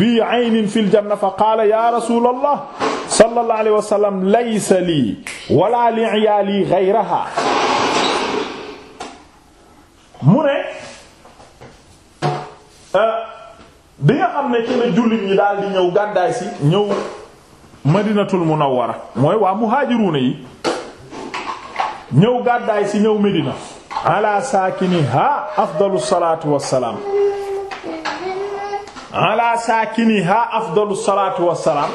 bii aynin fil janna fa qaala ya rasulallah sallallahu alayhi wa sallam laysa lii wala li iyaali ghayraha mu ne euh, bi nga xam ne ci la jullit ñi daal di ñëw gàddaay si ñëw madinatul munawwara mooy waa muhaajiruuna yi ñëw gàddaay si ñëw Medina ala saakiniha afdalu salaatu wassalaam ala saakiniha afdalu salaatu wassalaam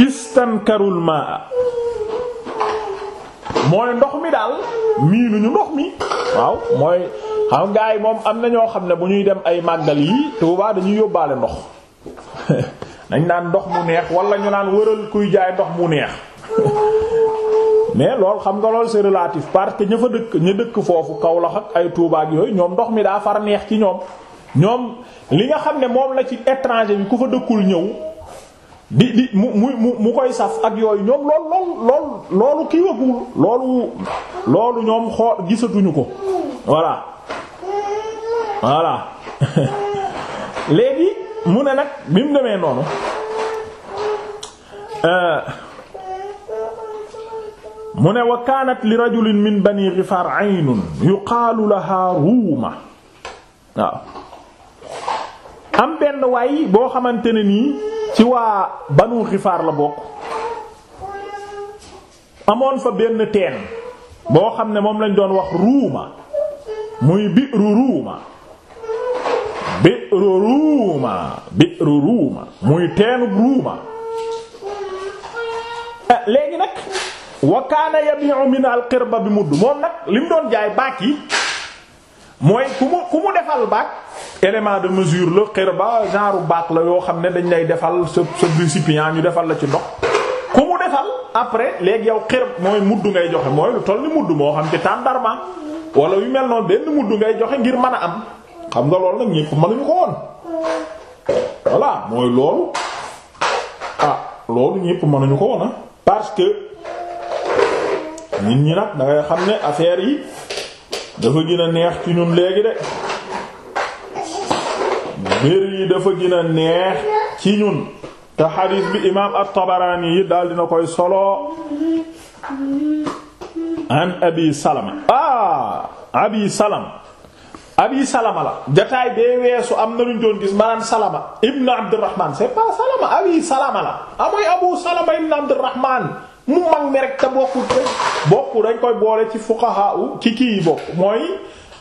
istankarul maa mooy ndox mi daal miinuñu ndox mi waaw mooy xam gaa yi moom am na ñoo xam ne bu ñuy dem ay màggal yi Tuubaa dañuy yóbbaale ndox dañ naan ndox mu neex wala ñu naan wëral kuy jaay ndox mu neex mais lool xam nga loolu c'est relatif parce que ña fa dëkk ña dëkk foofu Kaolack ak ay Tuubaa yooyu ñoom ndox mi daa far neex ci ñoom. ñoom li nga xam ne moom la ci étranger bi ku fa dëkkul ñëw di di mu mu mu koy saf ak yooyu ñoom loolu loolu loolu loolu kii wagul loolu loolu ñoom xool gisatuñu ko voilà voilà léegi mu ne nag bi mu demee noonu euh, mu ne wa kaanat li rajulin min bani Ghifaar yu yuqaalu la ruuma waaw am benn waay boo xamante ne nii ci waa banu xifaar la bokk amoon fa benn teen boo xam ne moom lañ doon wax ruuma muy bi'ru ruuma bi'ru ruuma muy teenu ruuma eh, léegi nag wa kaana yabi'u min al qirba bi mudd moom nag lim doon jaay baak yi mooy ku mu ku mu defal bac élément de mesure la xirba genre bac la yoo xam ne dañ lay defal sa sa récipient ñu defal la ci ndox ku mu defal après léegi yow xir mooy mudd ngay joxe mooy lu toll ni mudd moo xam ci tàndarma wala yu mel noonu benn mudd ngay joxe ngir mën a am xam nga loolu nag ñépp mënuñu ko woon voilà mooy loolu ah loolu ñépp ko woon ah. parce que nit ñi nag da xam ne affaire yi. dafa gën neex ci ñun léegi de mbir yi dafa gën a neex ci ñun te xadiis bi imaam at yi daal dina koy solo an abi salama ah abi salama abi salama la jataay bee weesu am na luñ doon gis maanaam salama ibn abdurrahman c'est pas salama abi salama la amooy ah, abu salama ibn abdurrahman mu mag mi rek te bokku bokku dañ koy boole ci fuqaha ci kii yi bokk mooy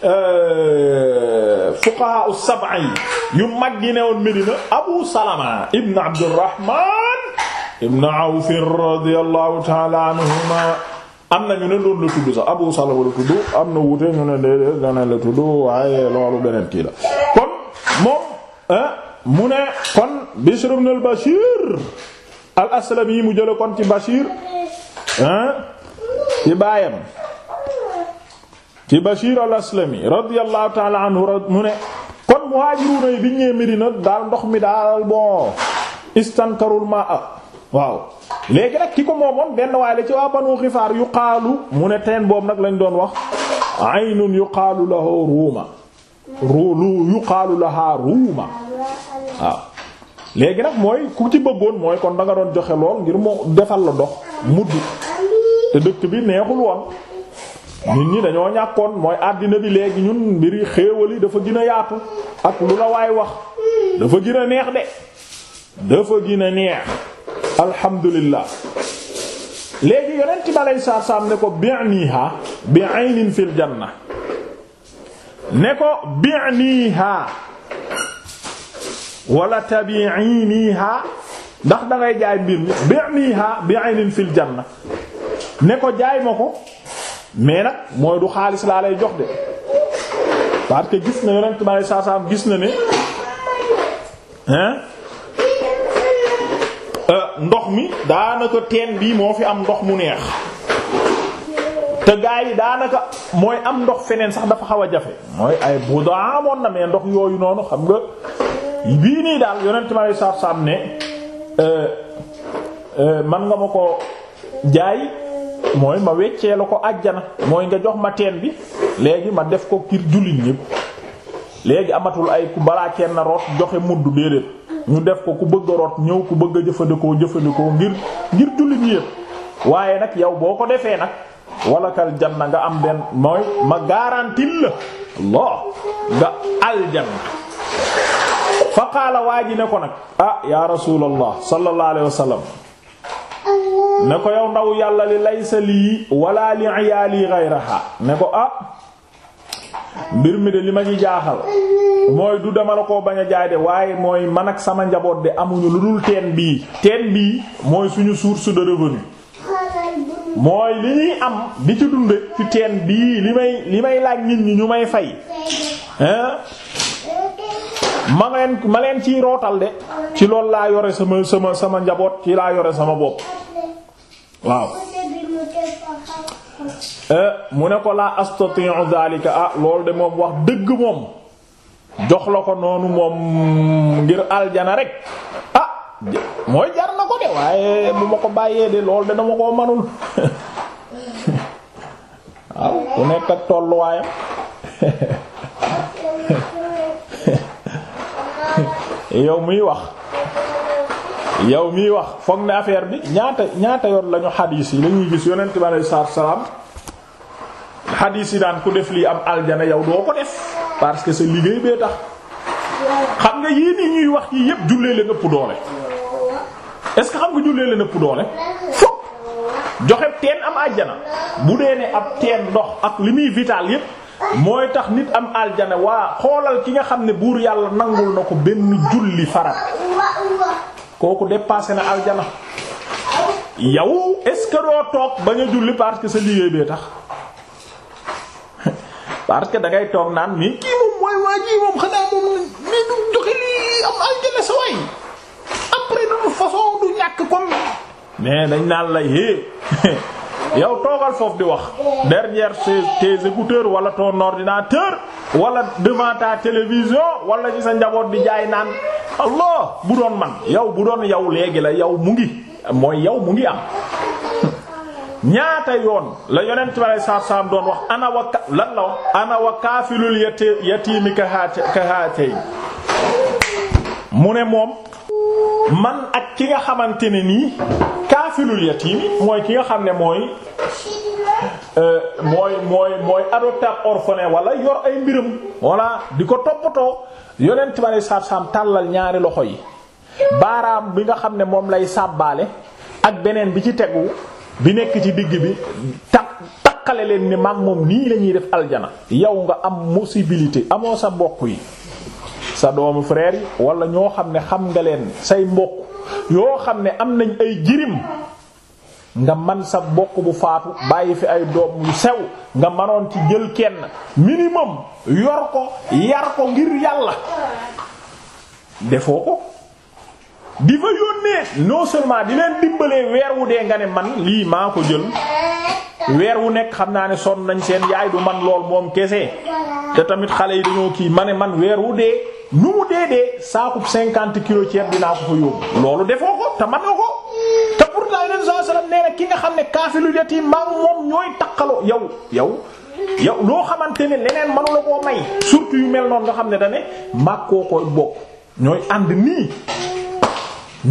euh, fuqaha yu mag yi newoon Medina Abu Salama ibn Abdurrahman ibn Awf radiyallahu ta'ala anhuma am na ñu ne loolu la tudd sax Abu Salama la tudd am na wuute ñu ne déedéet dana la tudd waaye loolu beneen kii la kon moom mu ne kon Bishr ibn al-Bashir al aslami mu jële kon ci Bachir ah ci baayam ci Bachir al taala anhu mu ne kon muhaajiruuna yi bi ñëwee daal ndox mi daal bon istankarul maa waaw léegi nag ki ko moomoon benn waaye la ci waa banu xifaar yuqaalu mu ne teen boobu nag lañ doon wax aynun yuqaalu lahu ruuma yuqaalu laha ruuma léegi nag mooy ku ci bëggoon mooy kon danga doon joxe lool ngir moo defal la dox mudd te dëkk bi neexul woon nit ñi dañoo ñàkkoon mooy àddina bi léegi ñun mbiri xéewal yi dafa gën a yaatu ak lu la waay wax dafa gën a neex de dafa gën a neex alhamdulillah léegi yonent bi aleyhi salaatu salaam ne ko bi'niha bi'aynin fil janna ne ko bi'niha wala tabi'iniha ndax da ngay jaay mbir mi bi'niha bi'aynin fil janna ne ko jaay ma ko mais nag mooy du xaalis laa lay jox de parce que gis na yonent ma saa saam gis na ne hein euh, ndox mi daanaka teen bii moo fi am ndox mu neex te gaa yi daanaka mooy am ndox feneen sax dafa xaw a jafe mooy ay buda amoon na mais ndox yooyu noonu xam nga bii nii daal yonent ma lay saaf saaf ne euh, euh, man nga ma ko jaay mooy ma weccee la ko àjjana mooy nga jox ma teen bi léegi ma def ko kir jullit ñépp léegi amatul ay ku balaa kenn root joxe mudd déedéet ñu def ko ku bëgg root ñëw ku bëgg a jëfandikoo jëfandikoo ngir ngir jullit yépp waaye nag yow boo ko defee nag walakal janna nga am benn mooy ma garantie la Allah nga aljanna fa qaala waa ji ne ko nag ah yaa rasuulallah sallallahu alayhi ne ko yow ndaw yàlla li laysa lii wala li iyaali ghayraha ne ko ah mbir mi de li ma ci jaaxal mooy du dama la koo bañ a jaay de waaye mooy man ak sama njaboot de amuñu lu dul teen bii teen bii mooy suñu source de revenu mooy li ñuy am di ci dunde ci teen bii li may li may laaj nit ñi ñu may fay ma leen ma ciy rootal de ci loolu laa yore sama sama sama njaboot ci laa yore sama bopp waaw eh, mu ne ko laa astati'u zalika ah loolu de moom wax dëgg moom jox la ko noonu moom ngir aljana rek ah mooy jar na ko de waaye bu ma ko bàyyee de lool de dama koo manul waaw ku nekk tolluwaayam yow miy wax yow miy wax foog ne affaire bi ñaata ñaata yoon lañu xadiis yi lañuy gis yonent bi alayhi salaatu salaam xadiis yi daan ku def lii am aljana yow doo ko def parce que sa liggéey bee tax xam nga yii nii ñuy wax yii yépp jullee leen ëpp doole est-ce que xam nga jullee leen doole fokk joxe teen am aljana bu dee ne ab teen ndox ak li muy vital yépp mooy tax nit am aljana waa xoolal ki nga xam ne buur yàlla nangul na ko benn julli farat kooku dépassé na aljana yow est-ce que doo toog bañ a julli parce que sa liggéey bee tax parce que da ngay toog naan mi kii moom mooy waa ji xanaa moom mi joxe lii am aljana sa way après de toute façon du ñàkk comme mais dañ naan lay yé yow toogal foofu di wax derrière tes écouteurs wala ton ordinateur wala devant ta télévision wala ci sa njaboot di jaay naan allah bu doon man yow bu doon yow léegi la yow mu ngi mooy yow mu ngi am. ñaata yoon la yonent bi saa saam doon wax ana wa lan la wax ana wa kaafilul mu ne moom. man ak ki nga xamante ne nii kaafilul yatiim mooy ki nga xam ne mooy euh, mooy mooy mooy adopté ab wala yor ay mbiram wala di ko toppatoo yonent ma ne saab-saam tàllal ñaari loxo yi baaraam bi nga xam ne moom lay sàbbaale ak beneen bi ci tegu bi nekk ci digg bi ta takkale leen ni maag moom nii lañuy def aljana yow nga am possibilité amoo sa mbokk yi sa doomu frère yi wala ñoo xam ne xam nga leen say mbokk yoo xam ne am nañ ay jirim nga man sa mbokk bu faatu bàyyi fi ay doom yu sew nga manoon ci jël kenn minimum yor ko yar ko ngir yàlla defoo ko di fa yónnee non seulement di leen dimbalee weer wu dee nga ne man lii maa ko jël weer wu nekk xam naa ne son nañ seen yaay du man lool moom kese te tamit xale yi dañoo kii ma ne man weer wu dee nu mu dee dee saakub 50 kilos ceeb dinaa ko fa yóbbu loolu defoo ko te manoo ko te pourtant yeneen saa salaam nee na ki nga xam ne kaafilu yati maa moom ñooy takkaloo yow yow. yow loo xamante ne leneen manu la koo may surtout yu mel noon nga xam ne da ne koo koy bokk ñooy ànd nii.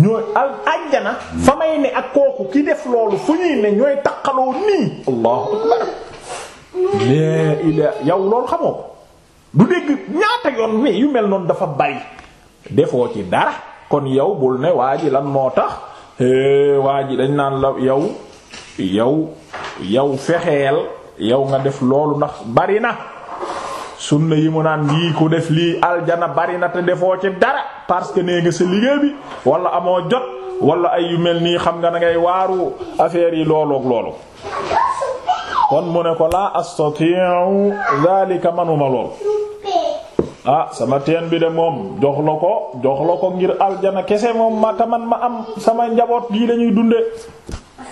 ñooy al ajjana fa may ne ak kooku ki def loolu fu ñuy ne ñooy taqaloo nii allahu akbar laa ilaa yow loolu xamoo du dégg ñaata yoon mais yu mel noonu dafa bari defoo ci dara kon yow bul ne waa ji lan moo tax waa ji dañ naan la yow yow yow fexeel yow nga def loolu ndax bari na sunna yi mu naan yii ku def lii aljana bari na te defoo ci dara parce que nee nga sa liggéey bi wala amoo jot wala ay mel nii xam nga da waaru affaire yi loolook loolu kon mu ne ko laa astati'u zalika manuma lool ah sama teen bi de moom jox la ko jox la ko ngir aljana kese moom ma taman ma am sama njaboot gii lañuy dunde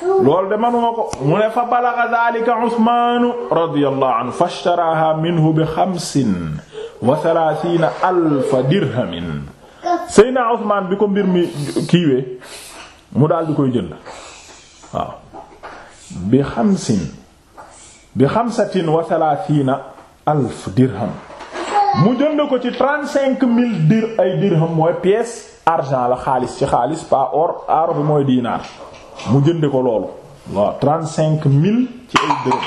loolu de manuma ko mu ne fa balaga daalika Usmaanu radiyallahu anhu fashtaraha minhu bi xamsin wa thalaathiina dirhamin Seydina Usmaan bi ko mbir mi kiiwee mu daal di koy jënd waaw bi xamsin bi xamsatin wa alf dirham mu jënd ko ci trente-cinq mille dir ay dirham mooy pièce argent la xaalis ci xaalis pas or or bi mooy diinaar mu jënde ko loolu waaw trente-cinq mille ci ay dërëm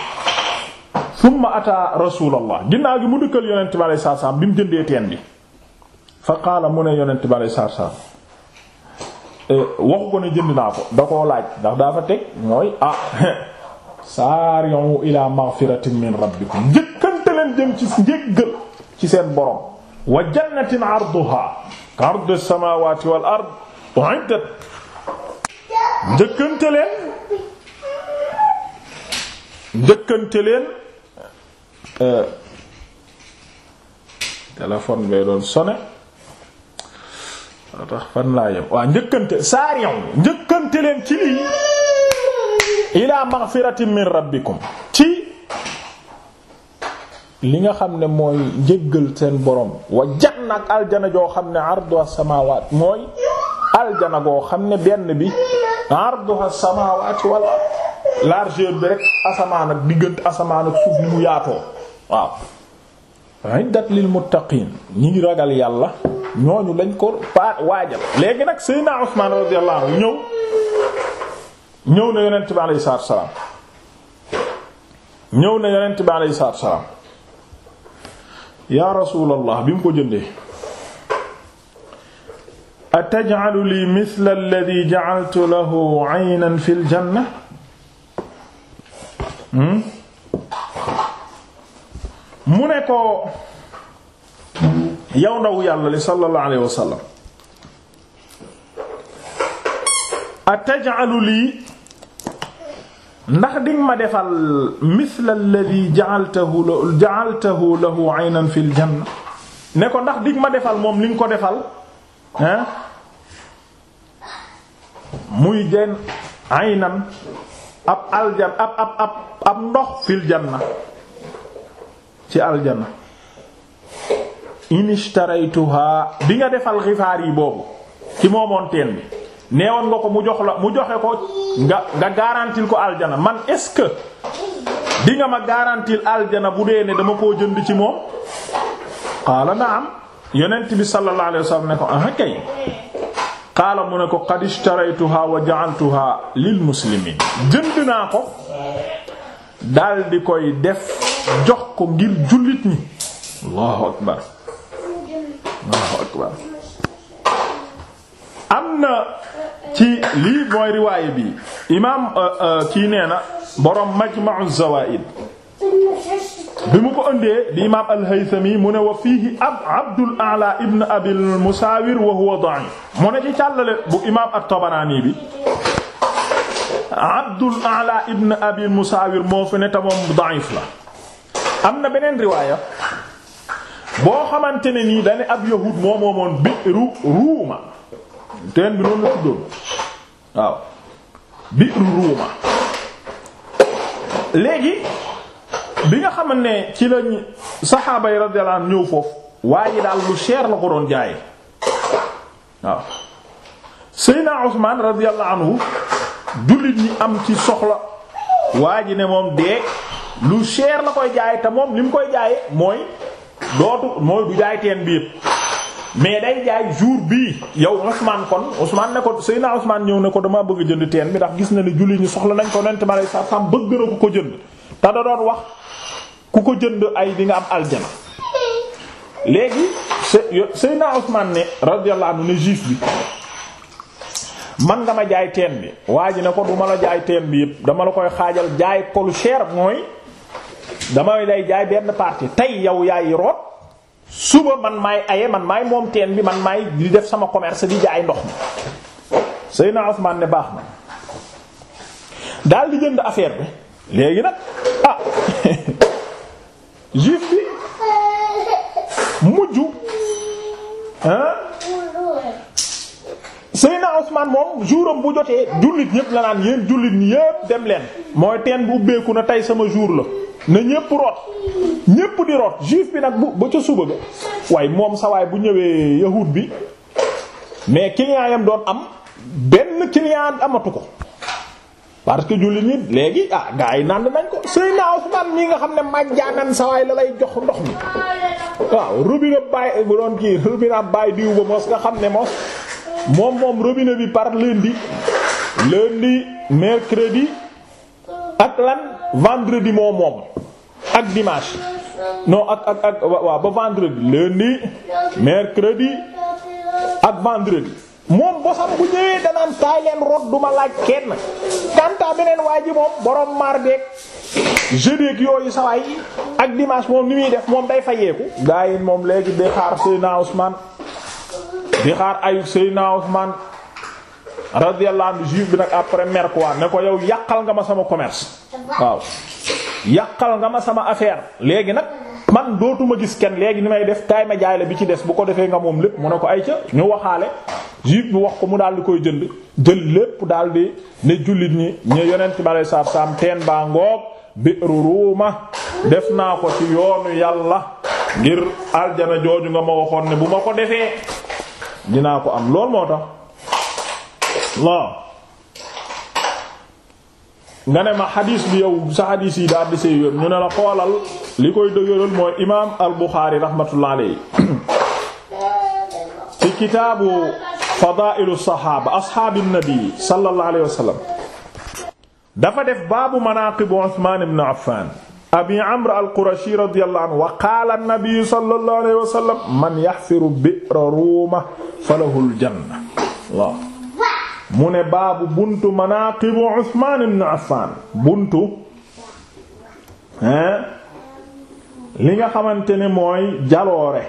summa ata rasulallah ginnaaw gi mu dëkkal yonent bi aleyhi salaatu salaam bi mu jëndee teen bi fa qaala mu ne yonent bi aleyhi salaatu salaam eh, waxu ko ne jënd naa ko da koo laaj ndax daa fa teg mooy ah saari'u ila maghfiratin min rabbikum njëkkante leen jëm ci njéggal ci seen borom wa jannatin arduha ka'ardis samawati wal ard u'iddat njëkkante leen njëkkante leen euh, téléphone bee doon sonné tax fan laa yem waa njëkkante saarion njëkkante leen ci lii ila maghfiratin min rabbikum ci li nga xam ne mooy njëggal seen borom wa jannak aljana joo xam ne ardu as-samawat mooy aljana goo xam ne benn bi arduha samaawaati wal largeur bi rek asamaan ak diggant asamaan ak suuf ni mu yaatoo waaw iddat lil muttaqiin ñi ngi ragal yàlla ñooñu lañ ko pa waajal léegi nag Seydina Usmaan radiyallahu anhu ñëw ñëw na yonent bi alayhi salaatu salaam ñëw na yonent bi alayhi salaatu salaam yaa rasuulallah bi mu ko jëndee ataj'alu lii mithla alladhi ja'altu lahu 'aynan fil janna mu ne ko yow ndaw yàlla li sallallahu alayhi wa sallam ataj'alu lii ndax dinga ma defal mithla alladhi ja'altahu ja'altahu lahu 'aynan fil janna ne ko ndax dinga ma defal moom li nga ko defal muy jenn aynan ab aljan ab ab ab ab ndox fil janna ci aljanna inishtaraytuha bi nga defal xifaar yi boobu ci moomoon teen bi neewoon nga ko mu jox la mu joxe ko nga nga garantil ko aljana man est-ce que di nga ma garantil aljana bu dee ne dama koo jënd ci moom qaala naam yonent bi sallallahu alayhi wasallam ne ko ah kay qaala mu ne ko qad ishtaraytuha wa ja'altuha lil muslimin jënd naa ko dal di koy def jox ko ngir jullit ñi allahu akbar allahu akbar am na ci lii mooy riwaaya bi imaam euh, euh, kii nee na boroom majma'u zawaid bi mu ko ëndee di imaam al mu ne wa fiihi ab Abdul A'la ibn Abil Musawir wa huwa da'if mu ne ci càllale bu imaam at-Tabarani bi Abdul A'la ibn Abil Musawir moo fi ne te moom da'if la am na beneen riwaaya boo xamante ne nii dañu ab yahud moo moomoon bi'ru ruuma teen bi noonu la tuddoon waaw bi'ru ruuma léegi bi nga xaman ne ci lañ saxaaba yi radiyallahu anhum ñëw foofu waaye daal lu cher la ko doon jaaye waaw Seydina Usmaan radiyallahu anhu jullit ñi am ci soxla waa ji ne moom dee lu cher la koy jaay te moom li mu koy jaaye mooy dootu mooy du jaay teen bi yépp mais day jaay jour bii yow Ousmane kon Ousmane ne ko Seydina Ousmane ñëw ne ko dama bëgg jënd teen bi ndax gis na ne jullit ñi soxla nañ ko nent ma sa sam bëgg na ko ko jënd te da doon wax ku ko jënd ay di nga am aljana léegi Seydina Usmaan ne radiyallahu anhu ne juif bi man nga ma jaay teen bi waa ji ne ko duma la jaay teen bi yëpp dama la koy xaajal jaay ko cher mooy damay lay jaay benn partie tey yow yaay root suba man maay aye man maay moom teen bi man maay di def sama commerce di jaay ndox mi Seydina Usmaan ne baax na daal di jënd affaire bi léegi nag ah juif bi mujj ah Seyna Ousmane moom jouram bu jotee jullit ñépp la naan yéen jullit ñi yépp dem leen mooy teen bu ubbeeku na tey sama jour la na ñépp rot ñépp di rot juif bi nag bu ba ca suba ga waaye moom sa bu ñëwee yahut bi mais client yam doon am benn client amatu ko parce que julli nit léegi ah gaa yi naan nañ ko Seydina Usmaan mii nga xam ne majjaanan sawaay la lay jox ndox mi waaw robinet baay bu doon kii robinet baay diw ba mos nga xam ne mos moom moom robinet bi par lundi lundi mercredi ak lan vendredi moom moom ak dimanche non ak ak ak waaw ba vendredi lundi mercredi ak vendredi moom bosam bu ñëwee danaan taay leen rot duma laaj kenn kantaa beneen waa moom borom mardeek jeudéeg yooyu sawaay ak dimanche moom ni muy def moom day fayeeku gaa yi moom léegi di xaar Seydina Ousmane di xaar ayub Seydina Ousmane radiyallahu anhu juif bi nag après mer ne ko yow yàqal nga ma sama commerce waaw yàqal nga ma sama affaire léegi nag man dootuma gis kenn léegi ni may def kaay ma bi ci des bu ko defee nga moom lépp mu ne ko ay ca ñu waxaale juif bi wax ko mu daal di koy jënd jël lépp daal di ne jullit ñi ñu yonent bi alei saatu salaam teen baa ngoog bi'ru ruuma def naa ko ci yoonu yàlla ngir aljana jooju nga ma waxoon ne bu ma ko defee dinaa ko am loolu moo tax nga ne ma xadiis bi yow sa xadiis yi daal di la xoolal li koy dëgëral mooy imaam al Buxaari rahmatullah alayhi ci kitaabu fadaa'ilu saxaaba asxaabi nabi sallallahu alayhi wa dafa def baabu manaaqibu Usmaan ibn Affaan abi Amr al-Qurashi radiyallahu anhu wa qaala nabi man yaxfiru bi'ra ruuma falahu al-janna mu ne baabu buntu manaaqibu Usmaan ibn Affaan buntu hein li nga xamante ne mooy jaloore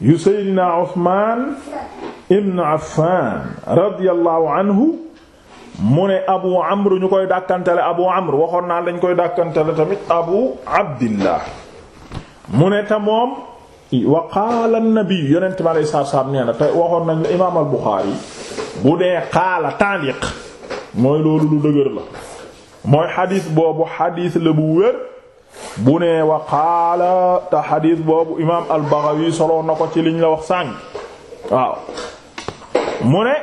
yu Seydina Usmaan ibn Affaan radiyallahu anhu mu ne Abu Amr ñu koy dàkkantale Abu Amr waxoon naa lañ koy dàkkantale tamit Abu Abdillah mu ne ta wa qaala an-nabi yonent bi alayhi salaatu nee na te waxoon nañ la imaam al-Buxaari bu dee qaala taaliq mooy loolu lu dëgër la mooy xadiis boobu xadiis la bu wér bu nee wa qaala te xadiis boobu imaam al-Baghawi soloo na ko ci liñ la wax sàng waaw mu ne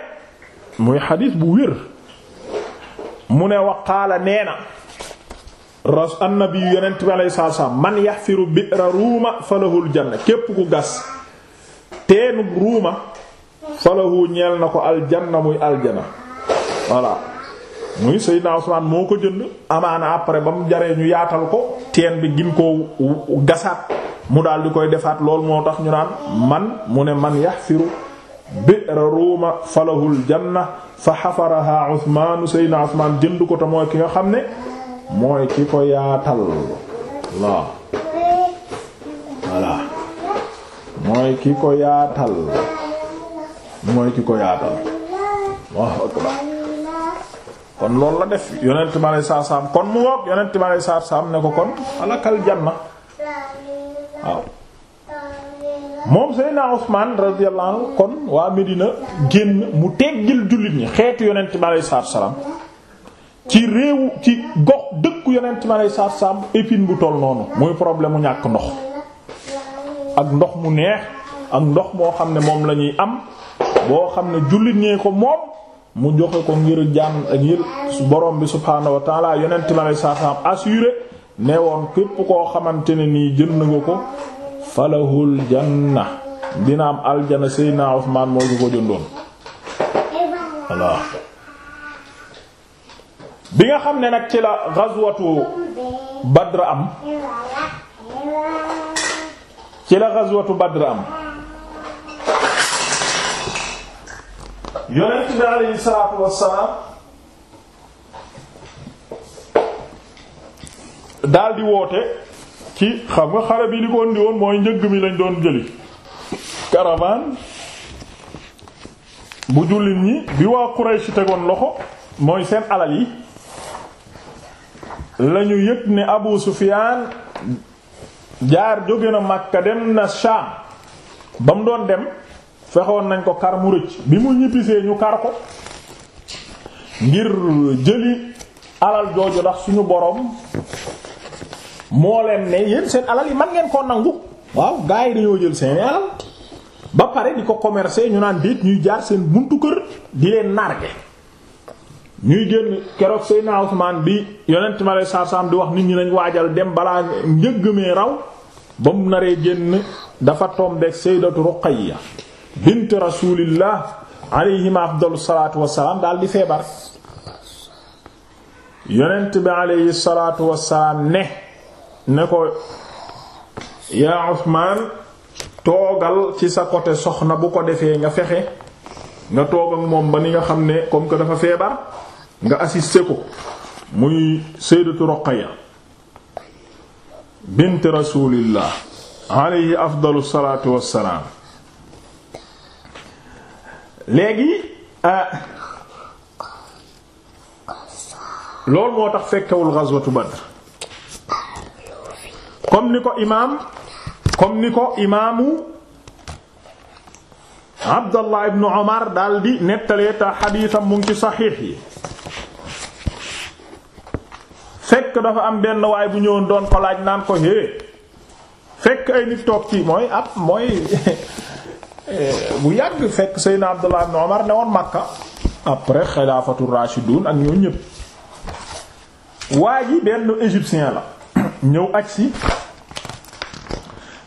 muy xadiis bu wér mu ne wa qaala nee na ras annabi yonent bi alayhi salaam man yaxfiru bi'ra ruuma falahul janna képp ku gas teenu ruuma falahu ñeel na ko aljanna muy aljana voilà muy Seydina Usmaan moo ko jënd amaana après ba mu jaree ñu yaatal ko teen bi gin koo gasaat mu daal di koy defaat loolu moo tax ñu naan man mu ne man yaxfiru bi'ra ruuma falahul janna fa xafaraha Usmaan Seydina Usmaan jënd ko te mooy ki nga xam ne mooy ki ko yaatal la voilà mooy ki ko yaatal kon loolu la def yonent ma lay saa kon mu woog yonent ma lay saa saam ne ko kon alakal janna waaw moom Seydina Usmaan radiyallahu anhu kon waa Medina génn mu teggil jullit ñi xeetu yonent ma lay saa ci réew ci gox dëkk yonent ma lay saar saam épine bu toll noonu muy problème mu ñàkk ndox ak ndox mu neex ak ndox moo xam ne moom lañuy am boo xam ne jullit ñee ko moom mu joxe ko ngir jàmm ak ngir borom bi subhaanahu wa taala yonent ma lay saar saam assuré ne woon képp koo xamante ne nii jënd nga ko falahul janna dina am aljana Seydina Usmaan moo ñu ko jëndoon bi nga xam ne nag ci la ghazwatu Badr am ci la ghazwatu Badr am yonent bi alayhi salaatu wassalaam daal di woote ci xam nga xare bi li ko indi woon mooy njëgg mi lañ doon jëli caravane bu jullit ñi bi waa Quraysh tegoon loxo mooy seen alal yi lañu yëg ne Abu Sufyaan jaar jóge na Makka dem na Shaam ba mu doon dem fexoon nañ ko kar mu rëcc bi mu ñibbisee ñu kar ko ngir jëli alal jooju ndax suñu boroom moo leen ne yéen seen alal yi man ngeen koo nangu waaw gars yi dañoo jël seeni alal ba pare di ko commercer ñu naan déet ñuy jaar seen buntu kër di leen narge ñuy génn keroog Seydina Usmaan bi yonent ma lay sarsam di wax nit ñi nañ waajal dem balaa njëgg mee raw ba mu naree génn dafa tombeek Sayyidatu Ruqayya bint Rasulillah alayhima afdalu salaatu wassalaam daal di feebar yonent bi alayhi salaatu wassalaam ne ne ko yaa Usmaan toogal ci sa côté soxna bu ko defee nga fexe nga toog ak moom ba ni nga xam ne comme que dafa feebar nga assister ko muy sayyidatu Ruqayya bint a alayhi afdalu salaatu wassalaam léegi ah, loolu moo tax fekkewul ghazwatu Badr comme ni ko imaam comme ni ko imaamu Abdallah ibn Umar daal di nettalee ta xadiisam mu ngi ci saxiix yi fekk dafa am benn waay bu ñëwoon doon ko laaj naan ko hé fekk ay nit toog ci mooy ab mooy bu yàgg fekk Seydina Abdullah ibn Umar ne woon Makka après xilaafatu rashidun ak ñoo ñëpp waa ji benn égyptien la ñëw agsi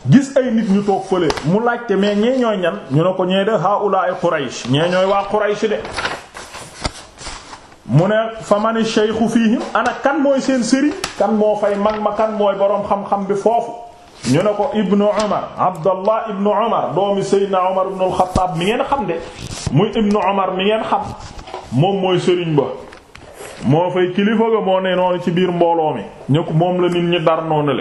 gis ay nit ñu toog fële mu laajte mais ñee ñooy ñan ñu ne ko ñee de haula ay Quraysh ñee ñooy waa Quraysh de mu ne fa mani shaykhu fihim ana kan mooy seen sëriñ kan moo fay mag ma kan mooy boroom xam-xam bi foofu ñu ne ko ibnu umar abdallah ibnu umar doomi seydina umar ibnu alxataab mi ngeen xam umar mi ngeen xam moom mooy sëriñ ba moo fay kilifa ga moo ne noonu ci biir mbooloo mi ñu moom la nit ñi dar noonu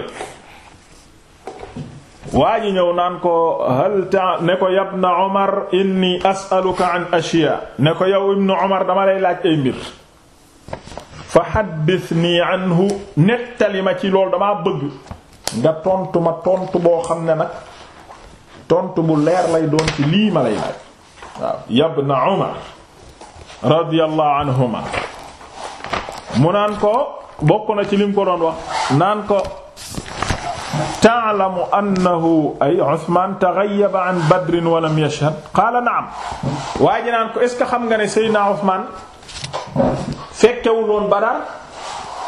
waa ji ñëw naan ko hal ne ko yabna umar inni as'aluka an ashiya ne ko yow ibnu umar dama lay laaj ay mbir fa haddithni anhu nettali ma ci loolu damaa bëgg nga tontu ma tontu boo xam ne nag tontu bu leer lay doon ci lii ma lay laaj waaw yabna Umar radiyallahu anhuma mu naan ko bokk na ci lim ko doon wax naan ko ta'lamu annahu ay Usmaan taghayyaba an Badr wa lam yashhad qaala na'am waa ji naan ko est-ce que xam nga ne Seydina Usmaan fekkewul woon Badar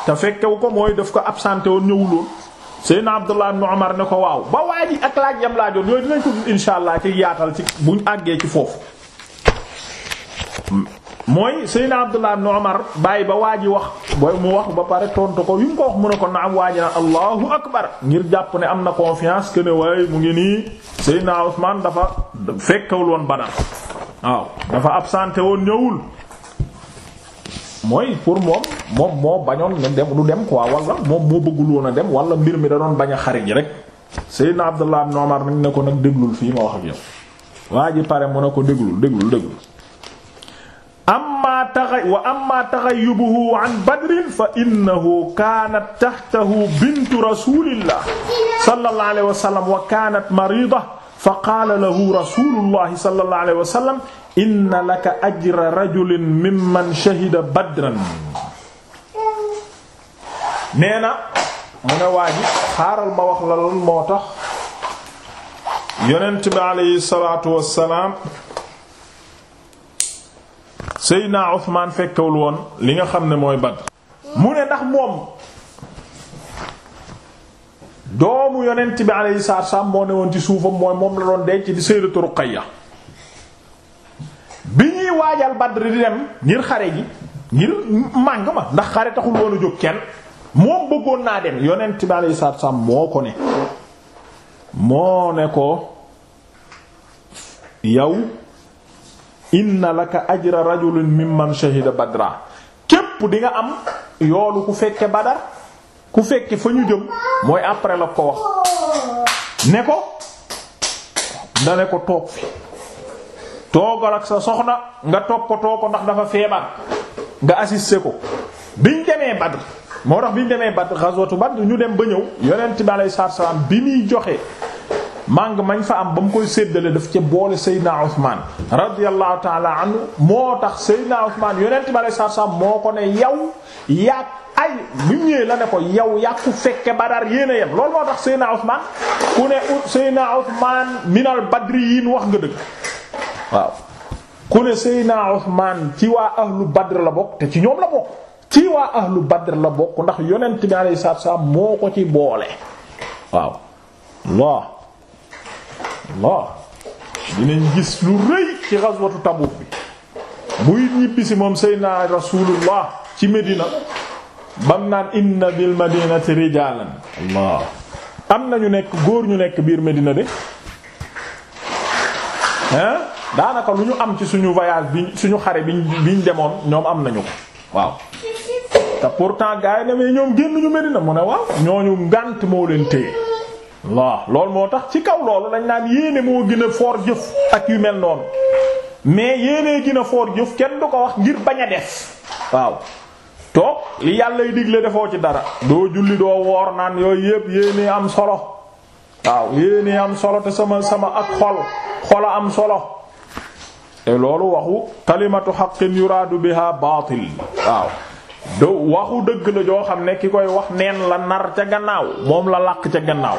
te fekkewu ko mooy daf ko absenté woon ñëwul woon Seydina Abdullah ibn Umar ne ko waaw ba waa ji ak laaj yam laajoon yooyu dinañ ko insha allah ci yaatal ci buñ àggee ci foofu mooy Seydina Abdullah ibn Umar bàyyi ba waa ji wax booy mu wax ba pare tontu ko yu mu ko wax mu ne ko naam waa ji na allahu akbar ngir jàpp ne am na confiance que ne waaye mu ngi nii Seydina Usman dafa fekkewul woon Badar waaw dafa absenté woon ñëwul mooy pour moom moom moo bañoon ne dem du dem quoi wala moom moo bëggul woon a dem wala mbir mi da doon bañ a xarit yi rek Seydina Abdullah ibn Umar nag ne ko nag déglul fii ma wax ak yow waa ji pare mu ne ko déglul déglul déglul amma taxa wa amma taxayyubuhu an badrin fa innahu kaanat taxtahu bintu rasulillah sallallahu alayhi wa sallam wa kaanat marida fa qaala lahu rasulullahi sallallahu alayhi wa sallam inna laka ajra rajulin mimman shahida badran nee na mu ne waa ji xaaral ma wax la lan moo tax yonent bi aleyhi salaatu wassalaam Seydina Usmaan fekkewul woon li nga xam ne mooy Badr mu ne ndax moom doomu yonent bi aleyhi salaatu wassalaam moo ne woon ci suufam mooy moom la doon denc di Sayyidatu Ruqayya bi ñuy waajal Badr di dem ngir xare ji ngir màng ma ndax xare taxul woon a jóg kenn moom bëggoon naa dem yonent bi alayhi salaatu salaam moo ko ne moo ne ko yow inna laka ajra rajulin mimman shahida badra képp di nga am yoolu ku fekke badar ku fekke fa ñu jëm mooy après la ko wax ne ko da ne ko toog fi toogal ak sa soxna nga toppatoo ko ndax dafa feebar nga assister ko biñ demee Badr moo tax biñ demee Badr ghazwatu Badr ñu dem ba ñëw yonent bi alayhi salaatu salaam bi muy joxe màng mañ fa am ba mu koy séddale daf ca boole Seydina Ousmane radiyallahu taala anhu moo tax Seydina Ousmane yonent bi alayhi salaatu salaam moo ko ne yow yaag ay mu ñëwee la ne ko yow yaag ku fekke Badar yéen a yem loolu moo tax Seydina Ousmane ku ne Seydina Ousmane minal badriyin wax nga dëgg. waaw ku ne Seyna Usmaan ci waa ahlu Badr la bokk te ci ñoom la bokk ci waa ahlu Badr la bokk ndax yonent bi alayhi salaatu salaam moo ko ci boole waaw Allah Allah dinañ gis lu rëy ci ghazwatu Tabuk bi muy ñibbisi moom Seyna Rasulullah ci Medina bam naan inna bil madinati rijaalan Allah am na ñu nekk góor ñu nekk biir Medina de hein daanaka lu ñu am ci suñu voyage bi suñu xare bi biñ demoon ñoom am nañu ko waaw te pourtant gars yi ne mais ñoom génn ñu Medina mu ne waaw ñooñu ngànt moo leen téye waaw lool moo tax ci kaw loolu dañ naan yéene moo gën a foor jëf ak yu mel noonu mais yéene gën foor jëf kenn du ko wax ngir bañ a def waaw toog li yàllay digle defoo ci dara doo julli doo woor naan yooyu yépp yéene am solo waaw yéene am solo te sama sama ak xol xol a am solo te loolu waxu kalimatu haqqin yuraadu biha baatil waaw do waxu dëgg la joo xam ne ki koy wax neen la nar ca gannaaw moom la làq ca gannaaw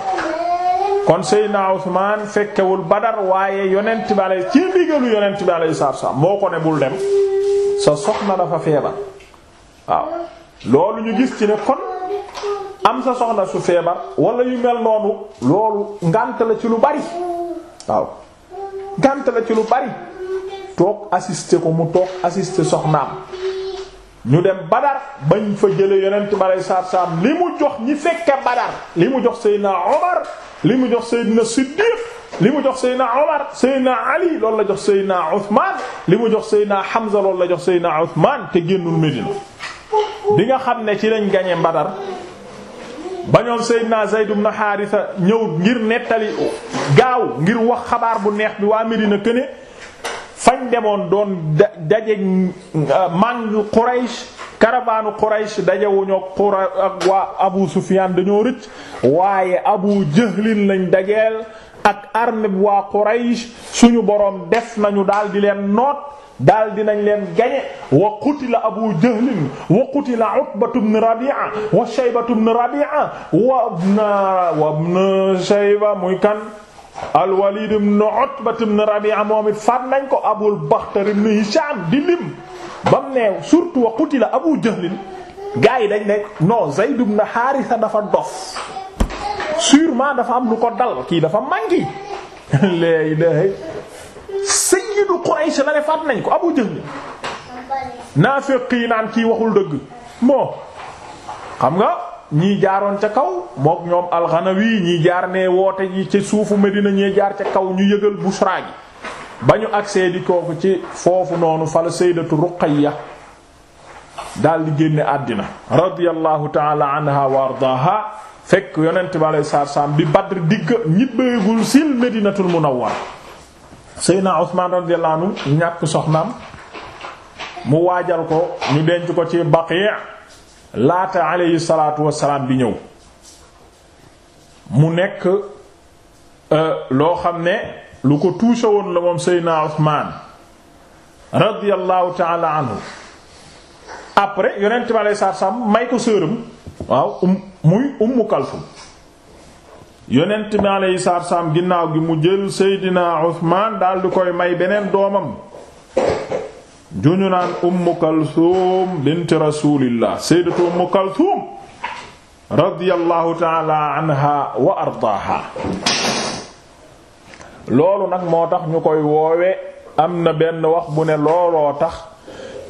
kon Seydina Usmaan fekkewul Badar waaye yonent bi alay ci ndigalu yonent bi alay saab saab moo ko ne bul dem sa soxna dafa feebar waaw loolu ñu gis ci ne kon am sa soxna su feebar walla yu mel noonu loolu ngànt la ci lu bari waaw ngànt la ci lu bari toog assister ko mu toog assister soxnaam ñu dem Badar bañ fa jële yonent bi aleyhi salaatu salaam li mu jox ñi fekke Badar li mu jox Seydina Omar li mu jox Seydina Siddiq li mu jox Seydina Omar Seydina Ali loolu la jox Seydina Ousmane li mu jox Seydina Hamza loolu la jox Seydina Ousmane te génnul Medina bi nga xam ne ci lañ gañe Badar ba ñoom Seydina Zayd ibn Haritha ñëw ngir nettali gaaw ngir wax xabaar bu neex bi waa Medina këne fañ demoon doon daje uh, màng Quraysh karabaanu Quraysh dajewuñu Qura ak Abu Sufyan dañoo rëcc waaye Abu Jahlin lañ dajeel ak armée bu waa suñu borom def nañu daal di leen noot daldi dinañ leen gañe wa qutila abu jahlin wa qutila utbatu bnu wa shaybatu bnu rabi'a wa ibna wa ibna shayba muy kan al-Walid ibn Utba ibn Rabi'a moom it faat nañ ko Abul Bakhtari ibn Hisham di lim ba mu ne surtout wa qutila Abu Jahl gaa yi dañ ne non Zayd ibn Haritha dafa dof sûrement dafa am lu ko dal kii dafa manqué la ilaha sayyidu Quraysh la ne faat nañ ko Abu Jahl naafiq yi naan kii waxul dëgg bon xam nga. ñi jaaroon ca kaw mook ñoom alxanawi ñii jaar ne woote yi ci suufu Medina ñii jaar ca kaw ñu yëgal bu gi ba ñu agsee di kooku ci foofu noonu fal sayyidatu Ruqayya daal di génne àddina radiyallahu taala anha wa ardaha fekk yonent bi alei saatu salaam bi Badr digg ñibbeegul sil Medinatul Munawwar Seydina Usmaan radiyallahu ñàkk soxnaam mu waajal ko ñu denc ko ci Baqi' laata aleyhi salaatu wasalaam bi ñëw mu nekk euh, loo xam ne lu ko touché woon la moom Seydina Usmaan radiyallahu taala anhu après yonent bi aleyhi salaatu may ko sëram waaw um muy Ummu Kalsum yonent bi aleyhi salaatu ginnaaw gi mu jël Seydina Usmaan daal di koy may beneen doomam juñu naan ummu kalthum bint rasulillah sayyidatu ummu kalthum radiyallahu taala anha wa ardaaha loolu nag moo tax ñu koy woowe am na benn wax bu ne looloo tax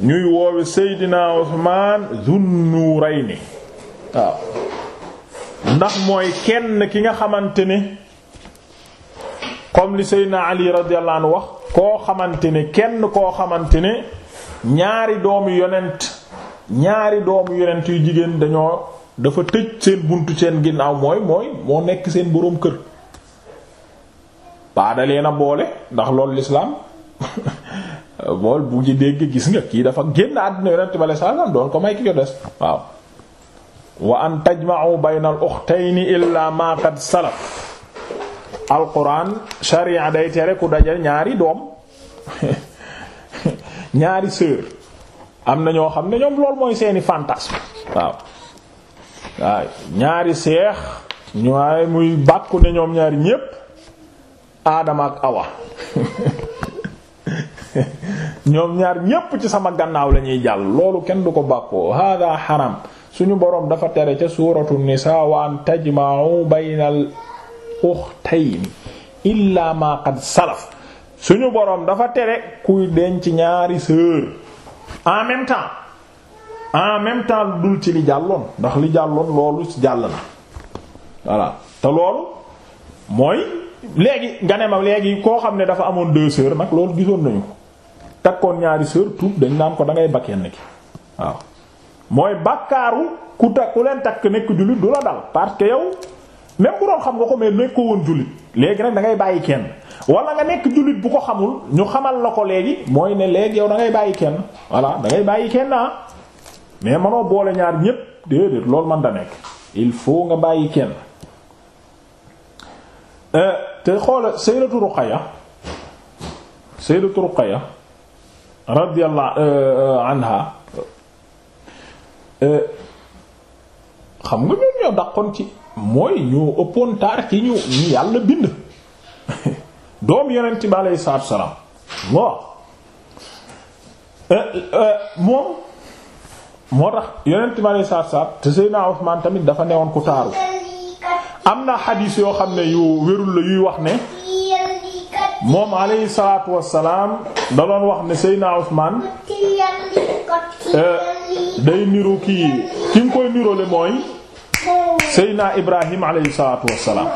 ñuy woowe seydina Usmaan Zunnurayni waaw ndax mooy kenn ki nga xamante ni comme li seydina Ali radiyallahu anhu wax koo xamante ne kenn koo xamante ne ñaari doom yonent ñaari doomu yonent yu jigéen dañoo dafa tëj seen bunt seen ginnaaw mooy mooy moo nekk seen boroom kër paa dalee na boole ndax loolu lislaam bool bu ci dégg gis nga kii dafa génn àddina yonent bale saasam doon ko may ki ko des waaw wa an tajma'u bayna al-ukhtayni illa ma qad salaf alquran sharia day tere ku dajal ñaari doom ñaari sœur am na ñoo xam ne ñoom lool mooy seeni fantasme waaw waaw ñaari seex ñu waaye muy bàkku ne ñoom ñaari ñépp aadama ak awa ñoom ñaar ñépp ci sama gannaaw lañuy jàll loolu kenn du ko bàkkoo hada haram suñu boroom dafa tere ca suuratu nisaa wa an tajma'u baynal uxtayni illaa ma qad salaf suñu boroom dafa tere kuy deñ ci ñaari sœur en même temps même temps lu dul ci li jàlloon ndax li jàlloon loolu jàll na voilà te loolu mooy léegi nga ne ma léegi koo xam ne dafa amoon deux sœurs nag loolu gisoon nañu ko takkoon ñaari sœur tuub dañ naan ko da ngay ba kenn ki waaw mooy bàkkaaru ku takk ku leen takk nekk jullit du la dal parce que yow même bu doon xam nga ko mais nekkoo woon jullit léegi nag da ngay bàyyi kenn wala nga nekk jullit bu ko xamul ñu xamal la ko léegi mooy ne léegi yow dangay bàyyi kenn voilà da ngay bàyyi kenn ah mais manoo boole ñaar ñépp déedéet loolu man da il faut nga bàyyi kenn euh, te xoola sayyidatu Ruqaya sayyidatu Ruqaya radiyallahu euh, euh, anha xam nga ñoom ñoo daqoon ci mooy ñoo ëppoon taar ci ñu ñu yàlla bind doom yonent bi aleyhi salaatu salaam euh, euh, moo tax yonent bi aleyhi salaatu salaam te Seydina Usmaan tamit dafa newoon ku taaru am na xadiis yoo xam ne yu wérul la yuy wax ne moom aleyhi salaatu wassalaam da wax ne Seydina Usmaan euh, day niru kii ki nga koy nirole mooy Seydina Ibrahim aleyhi salaatu wassalaam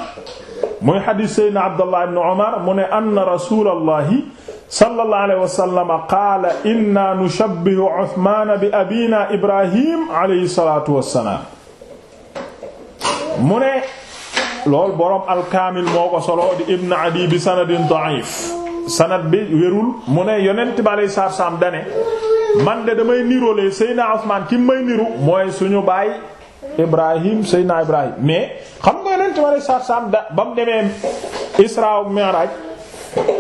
muy xadiis Seydina Abdallah ibn Umar mu ne anna rasuulallahi sallallahu alayhi wa sallam qaala inna nushabbihu bi abina Ibrahim aleyhi mu ne loolu boroom alkaamil moo ko solo Ibn Adi bi sanad bi wérul mu ne yonent bi aleyhi salaatu wassalaam dane may niru mooy suñu baay Ibrahim Seydina Ibrahim mais xam nga yonent bi salaam da ba mu demee Isra ak Mi'raj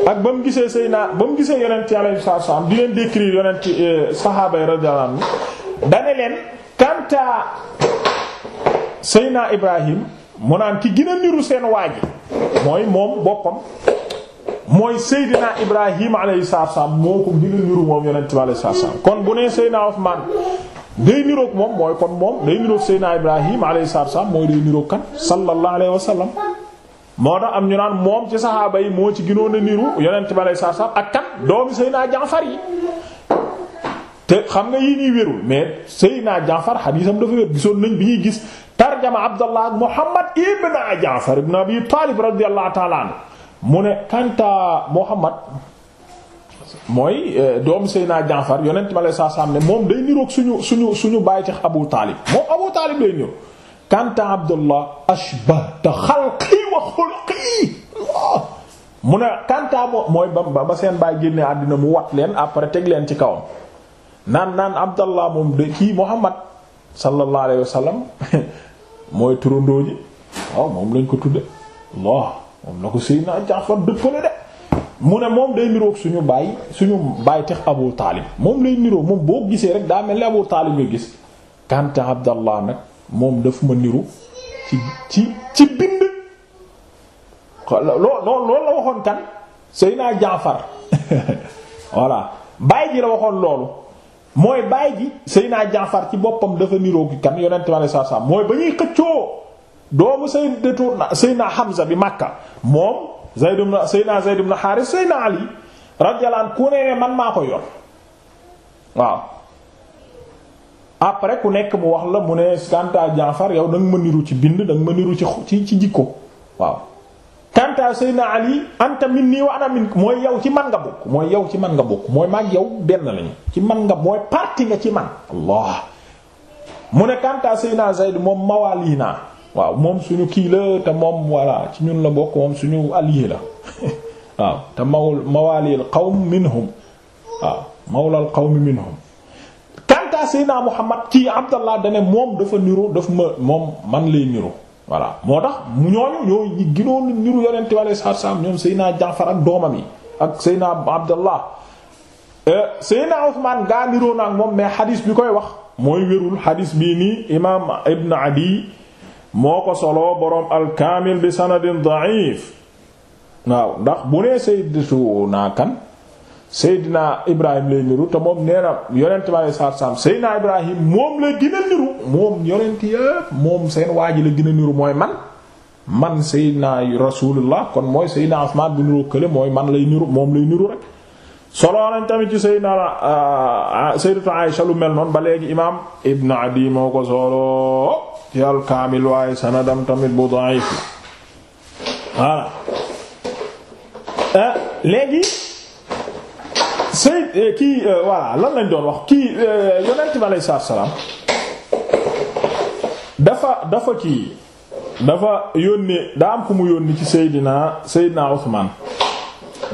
ak ba mu gisee Seydina ba mu gisee yonent bi alayhi salaatu salaam di leen décrire yonent euh, saxaaba yi radiyallahu anhum dane leen kanta Seydina Ibrahim mu naan ki gën niru seen waaji mooy moom boppam mooy Seydina Ibrahim moo ko gën a niru moom yonent bi alayhi salaatu salaam kon bu nee Seydina day niroog moom mooy kon moom day niroog Seydina Ibrahim alayhi salaam mooy day niroog kan sallallahu alayhi wa moo tax am ñu naan moom ci saxaaba yi moo ci gënoon a niru yonent bi alayhi salaam ak kan doomi Seydina Jaafar yi te xam nga yii nii wérul mais Seydina Jaafar xadiisam dafa wér gisoon nañ bi ñuy gis tarjama Abdallah ak Muhammad ibn Jaafar ibn Taalib radiyallahu ta'ala mu ne kanta Muhammad mooy euh, doomu Seydina Jaafar yonent ma lay saa saam ne moom day niroog suñu suñu suñu bàyyi tax Abu Taalib moom Abu Taalib lay niru kanta Abdullah ashbahta xalqi wa xulqi mu ne kanta mooy ba ba seen bàyyi génne àddina mu wat leen après teg leen ci kawam naan naan Abdallah moom de kii Muhammad sallallahu alayhi mooy turandoo ji waaw moom lañ ko tudde Allah moom la ko Seydina Jaafar dëppale de mu ne moom day niroog suñu baay suñu baay tex Abu Taalib moom lay niroo moom boo gisee rek daa mel ni Abu Taalib nga gis kante Abdallah nag moom daf ma niru ci ci ci bind loo loolu Jaafar voilà baay ji la waxoon loolu mooy baay ji naa Jaafar ci boppam dafa niroo ki kan yonent ma ne saa saa mooy ba ñuy xëccoo doomu naa Hamza bi Makka moom Zayd ibn Seydina Zayd Ali radiyallahu anhu ku ne man maa ko yor waaw après ku nekk mu wax la mu ne kanta Jaafar yow da nga ma niru ci bind da nga ma niru ci ci ci jikko waaw kanta Seydina Ali anta minni wa ana minka mooy yow ci man nga bokk mooy yow ci man nga bokk mooy maag yow benn lañu ci man nga mooy parti nga ci man Allah mu ne kanta Seydina Zayd moom mawaalii naa waaw moom suñu kii la te moom voilà ci ñun la bokk moom suñu allié la waaw te mawl mawalil qawm minhum waaw mawlal qawmi minhum kanta sayna Muhammad ci Abdallah dane moom dafa niro daf ma moom man lay niro voilà moo tax mu ñooñu ñoo ñi ginoon niru yonente bi alei satu salaam Jaafar ak doomam yi ak sayna Abdallah euh, sayna Usmaan gaa niroo naag moom mais xadis bi koy wax mooy wérul xadis bii nii imam ibn Adi moo ko soloo boroom alkaamil bi sanadin da'if waaw ndax bu nee sayyidatuna kan seydina ibrahim lay niru te moom nee yonent bi alayhi salaatu salaam seydina waa ji la gën a niru mooy man man kon mooy seydina usman bu mooy man lay niru moom lay niru rek soloo ah, ah, mel noonu ba léegi imam ibn adi moo ko solo ci alkaamil waaye sanadam tamit bu da'if voilà euh, léegi sëy euh, kii euh, voilà lan lañ doon wax kii yonent bi aleyhi salaam dafa dafa kii dafa yónnee daa am ku mu yónni ci Seydina Seydina Usmaan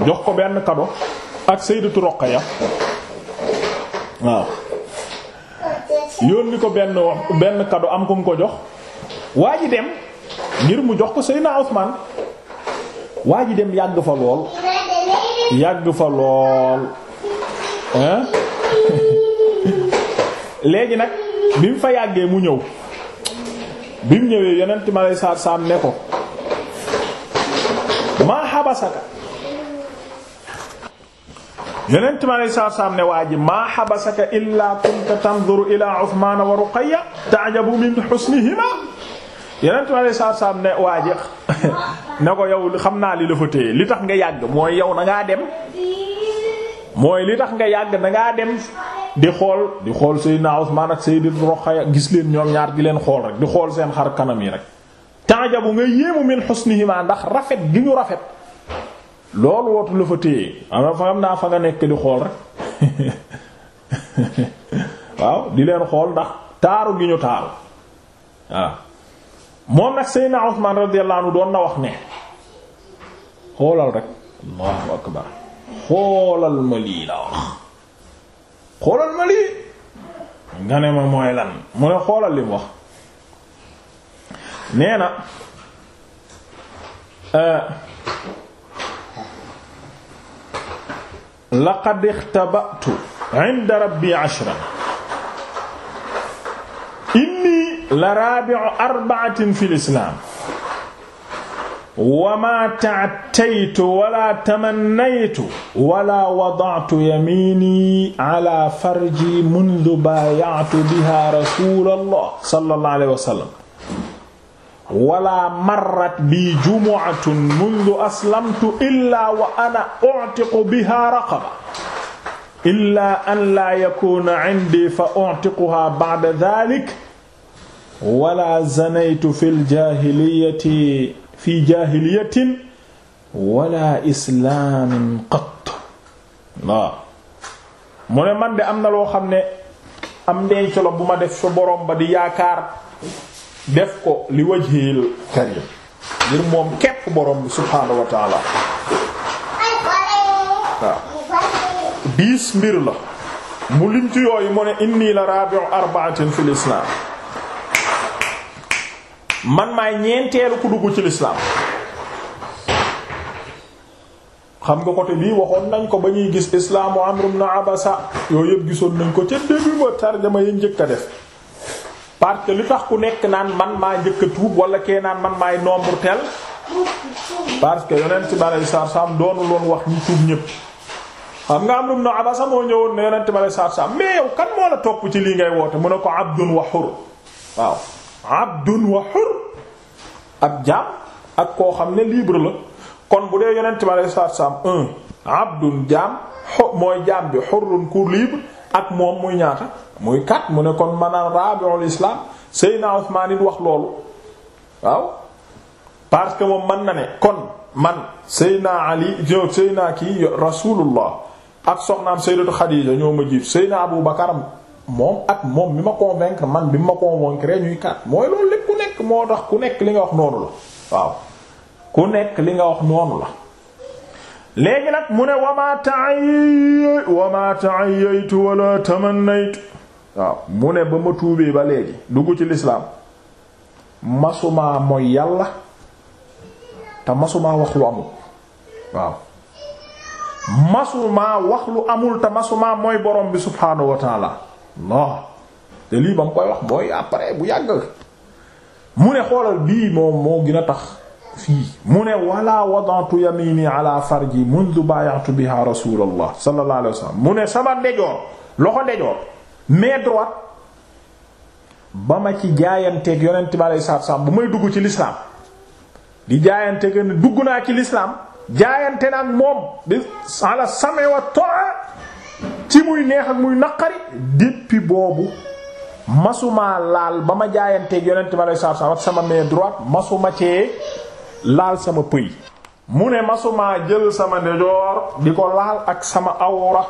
jox ko benn kado ak Sayyidatu Ruqayya waaw yónni ko benn benn kado am ku mu ko jox waa ji dem ngir mu jox ko Seydina Usmaan waa ji dem yàgg fa lool yàgg fa lool léegi nag bi mu fa yàggee mu ñëw bi mu ñëwee yonent ma lay saar saam ne ko maa xabasaka yonent mi alayhi salaatu salaam ne waa ji maa habasaka illaa kunta tanzuru ilaa Usmaan wa Ruqayya ta'jabu min husnihimaa yonent mi alayhi salaatu salaam ne waa ji ko yow xam naa li la fa téye li tax nga yàgg mooy yow na ngaa dem mooy li tax nga yàgg na ngaa dem di xool di xool Seydina Usmaan ak Seydina Ruqayya gis leen ñoom ñaar di leen xool rek di xool seen xar kanam yi rek ta'jabu nga yéemu min husnihimaa ndax rafet gi ñu rafet. loolu wootu la fa téye ama fa fa nga nekk di xool rek waaw di leen xool ndax taaru gi ñu taaru waaw moom nag Seydina Usmaan radiyallahu anhu doon na wax ne xoolal rek allahu akbar xoolal ma lii la wax xoolal ma lii nga ne ma mooy lan mu ne xoolal li mu wax nee na euh, laqad ixtaba'tu 'inda rabbi 'ashran inni la raabi'u arba'atin fil islaam wa maa ta'attaytu wala tamannaytu wala wada'tu yamiini ala farji mundu baaya'tu biha rasuulallah sallallahu alayhi wa sallam wala marrat bi jumu'atun mundu aslamtu illa wa ana u'tiqu biha raqaba illa an la yakuna 'indi fa u'tiquha ba'da dhalik wala zanaytu fil jahiliyyati fi jahiliyyatin wala islaamin qatt waaw mu ne man de am na loo xam ne am ndenc la bu ma def sa borom ba di yaakaar def ko li wajhil karim ngir moom képp borom bi subhaanahu biis mbir la mu lim ci yooyu mu ne inni la rabi'u arba'atin fil islam man maay ñeenteelu ku dugg ci lislaam xam nga côté bii waxoon nañ ko ba ñuy gis islaamu amru ibn abasa yooyu yëpp gisoon nañ ko ca début ba tarjama yi njëkk a def parce que li tax ku nekk naan man maa njëkk tuub wala kee naan man maay nombre tel parce que yonent bi aleyhi salaatu salaam doonu loon wax ñu tuub ñépp xam nga am lum na abasa moo ñëwoon ne yonent bi aleyhi salaatu salaam mais yow kan moo la topp ci lii ngay woote mu ne ko abdun wa xur waaw abdun wa ab jaam ak koo xam ne libre la kon bu dee yonent bi aleyhi salaatu salaam un abdun jaam xo mooy jaam bi xurun ku libre ak moom muy ñaata muy kat mu ne kon maanaam rabiul islam Seydina Usmaan it wax loolu waaw parce que moom man na ne kon man Seydina Ali jo Seydina kii rasulullah ak soxnaam Sayyidatu Xadiija ñoo ma jiif Seydina Abu Bakar moom ak moom mi ma convaincre man bi ma convaincre ñuy kat mooy loolu lépp ku nekk moo tax ku nekk li nga wax noonu la waaw ku nekk li nga wax noonu la léegi nag mu ne wamaa ta'ay wamaa ta'ayyaytu wala tamannaytu waaw mu ne ba ma tuubee ba léegi dugg ci lislaam masumaa mooy yàlla te masumaa wax lu amul waaw masumaa wax lu amul te masumaa mooy borom bi subhaanahu wa taala Allah te lii ba mu koy wax mooy après bu yàgg mu ne xoolal bii moom moo gën a tax fii mu ne wala wada'tu yamini ala farji mundu bay'atu biha rasulullah sallallahu alayhi wasallam mu ne sama ndejoor loxo ndejoor mais droite ba ma ci jaayanteeg yonent bi alayhi salaam bu may dugg ci lislaam di jaayante gën dugg naa ci lislaam jaayante naan moom bi ala sam'i wa ci muy neex ak muy naqari depuis boobu masuma laal ba ma jaayanteeg yonent bi alayhi salaatu salaam ak sama main droite masuma cee laal sama pëy mu ne masumaa jël sama ndejoor di ko laal ak sama awra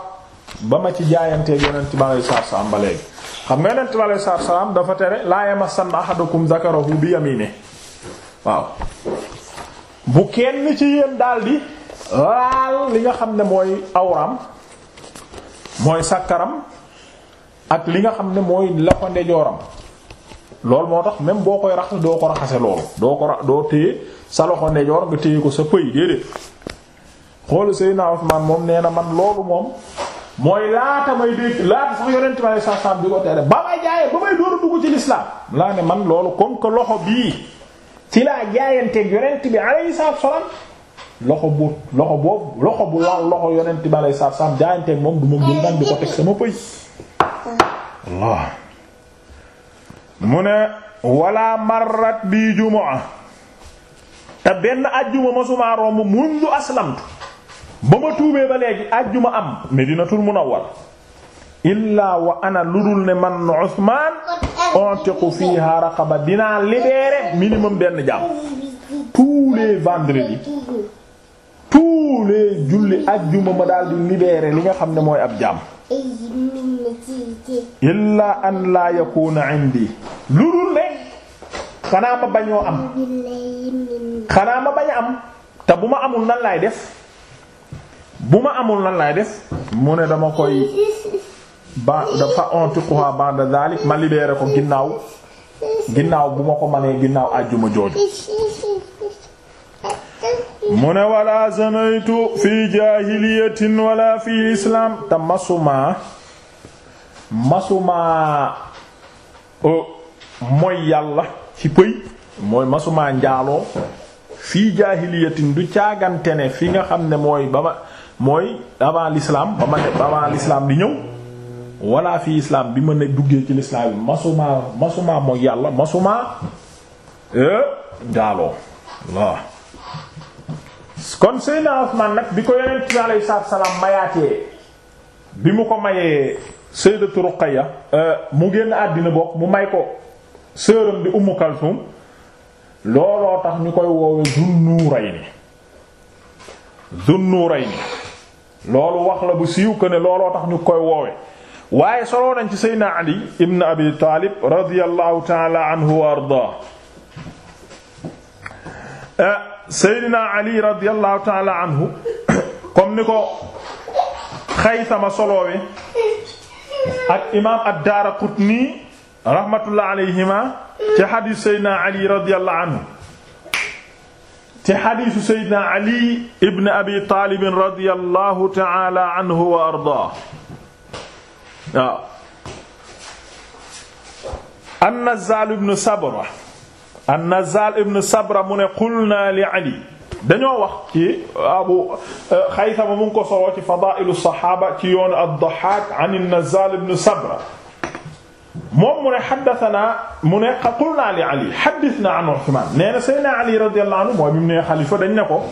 ba ma ci jaayantee yonent bi aleyhi salaatu ba léegi xam nga yonent bi aleyhi dafa tere laa yamassanna ahadakum zakarahu bi yamine waaw bu kenn ci yéen daldi laal li nga xam ne mooy awram mooy sàkkaram ak li nga xam ne mooy la ko ndejooram loolu moo tax même boo koy raxas doo ko raxase loolu doo ko ra doo téye sa loxo ndejoor nga téye ko sa pëy déedéet xoolu Seydina Usmaan moom nee na man loolu moom mooy laata may dégg laata sax yonent ma ne sax sax bi a man loolu comme loxo bii ci laa jaayanteeg yonent bi loxo bu loxo boobu loxo bu laal loxo yonent bi alayhi salaam jaayanteeg moom du ma gën mu ne. wala marrat bi jumu'a te benn ajjuma masumaa romb mundu aslamtu ba tuubee ba léegi ajjuma am Medinatul Munawwar illaa wa ana ludul ne man Usmaan ontiqu fiiha raqaba dinaa libérer minimum benn jàmm tous julli ajjuma ma daal di libérer li nga xam ne mooy ab jàmm illaa an laa yakuna ludul ne xanaa ma bañoo am xanaa ma bañ am te bu ma amul nan laay def bu ma amul nan laay def mu ne dama koy ba dafa ontiquha ba'da zalik ma libéré ko ginnaaw ginnaaw bu ma ko manee ginnaaw àjjuma jooju mu ne wala zanaytu fi jahiliyatin wala fi islam te masuma masuma euh, mooy yàlla ci pëy mooy masumaa njaaloo fii jaahiliyatin du caagante ne fi nga xam ne mooy ba ma mooy avant lislaam ba ma ne avant l'islam di ñëw walla fi islam bi ma ne duggee ci l'islam bi masumaa masumaa mooy yàlla masumaa euh, njaaloo waaw kon Seydina Usmaan nag bi ko yeneen ci alayhi salaam mayaatee bi mu ko mayee Sayyidatu Ruqayya euh, mu génn àddina bokk mu may ko sëram di Ummu looloo tax ñu koy woowe Zunnurayni Zunnurayni loolu wax la bu siiw que looloo tax ñu koy woowe waaye soloo nañ ci Seydina Ali ibn Abi Taalib radiyallahu taala anhu wa ardaa eh, Seydina Ali radiyallahu taala anhu comme ni ko Xaysama soloowe ak imaam ad-Daaraqutni rahmatullah alayhima ci xadiis seydna ali radiyallahu anhu ci xadiisu seydna ali ibn abi taalib radiyallahu ta'ala anhu wa ardaah waaw an-Nazzaal ibn Sabra an-Nazzaal ibn Sabra mu ne qulna li ali dañoo wax ci abu Xaysama mu ngi ko sowoo ci fadaa'ilu saxaaba ci yoonu ad-Dahhaak an an-Nazzaal ibn Sabra moom mu ne xaddasanaa mu ne qulnaa li Ali xaddisnaa an Usmaan nee na Seydina Ali radiyallahu anhu mooy bi mu nee xalifa dañ ne ko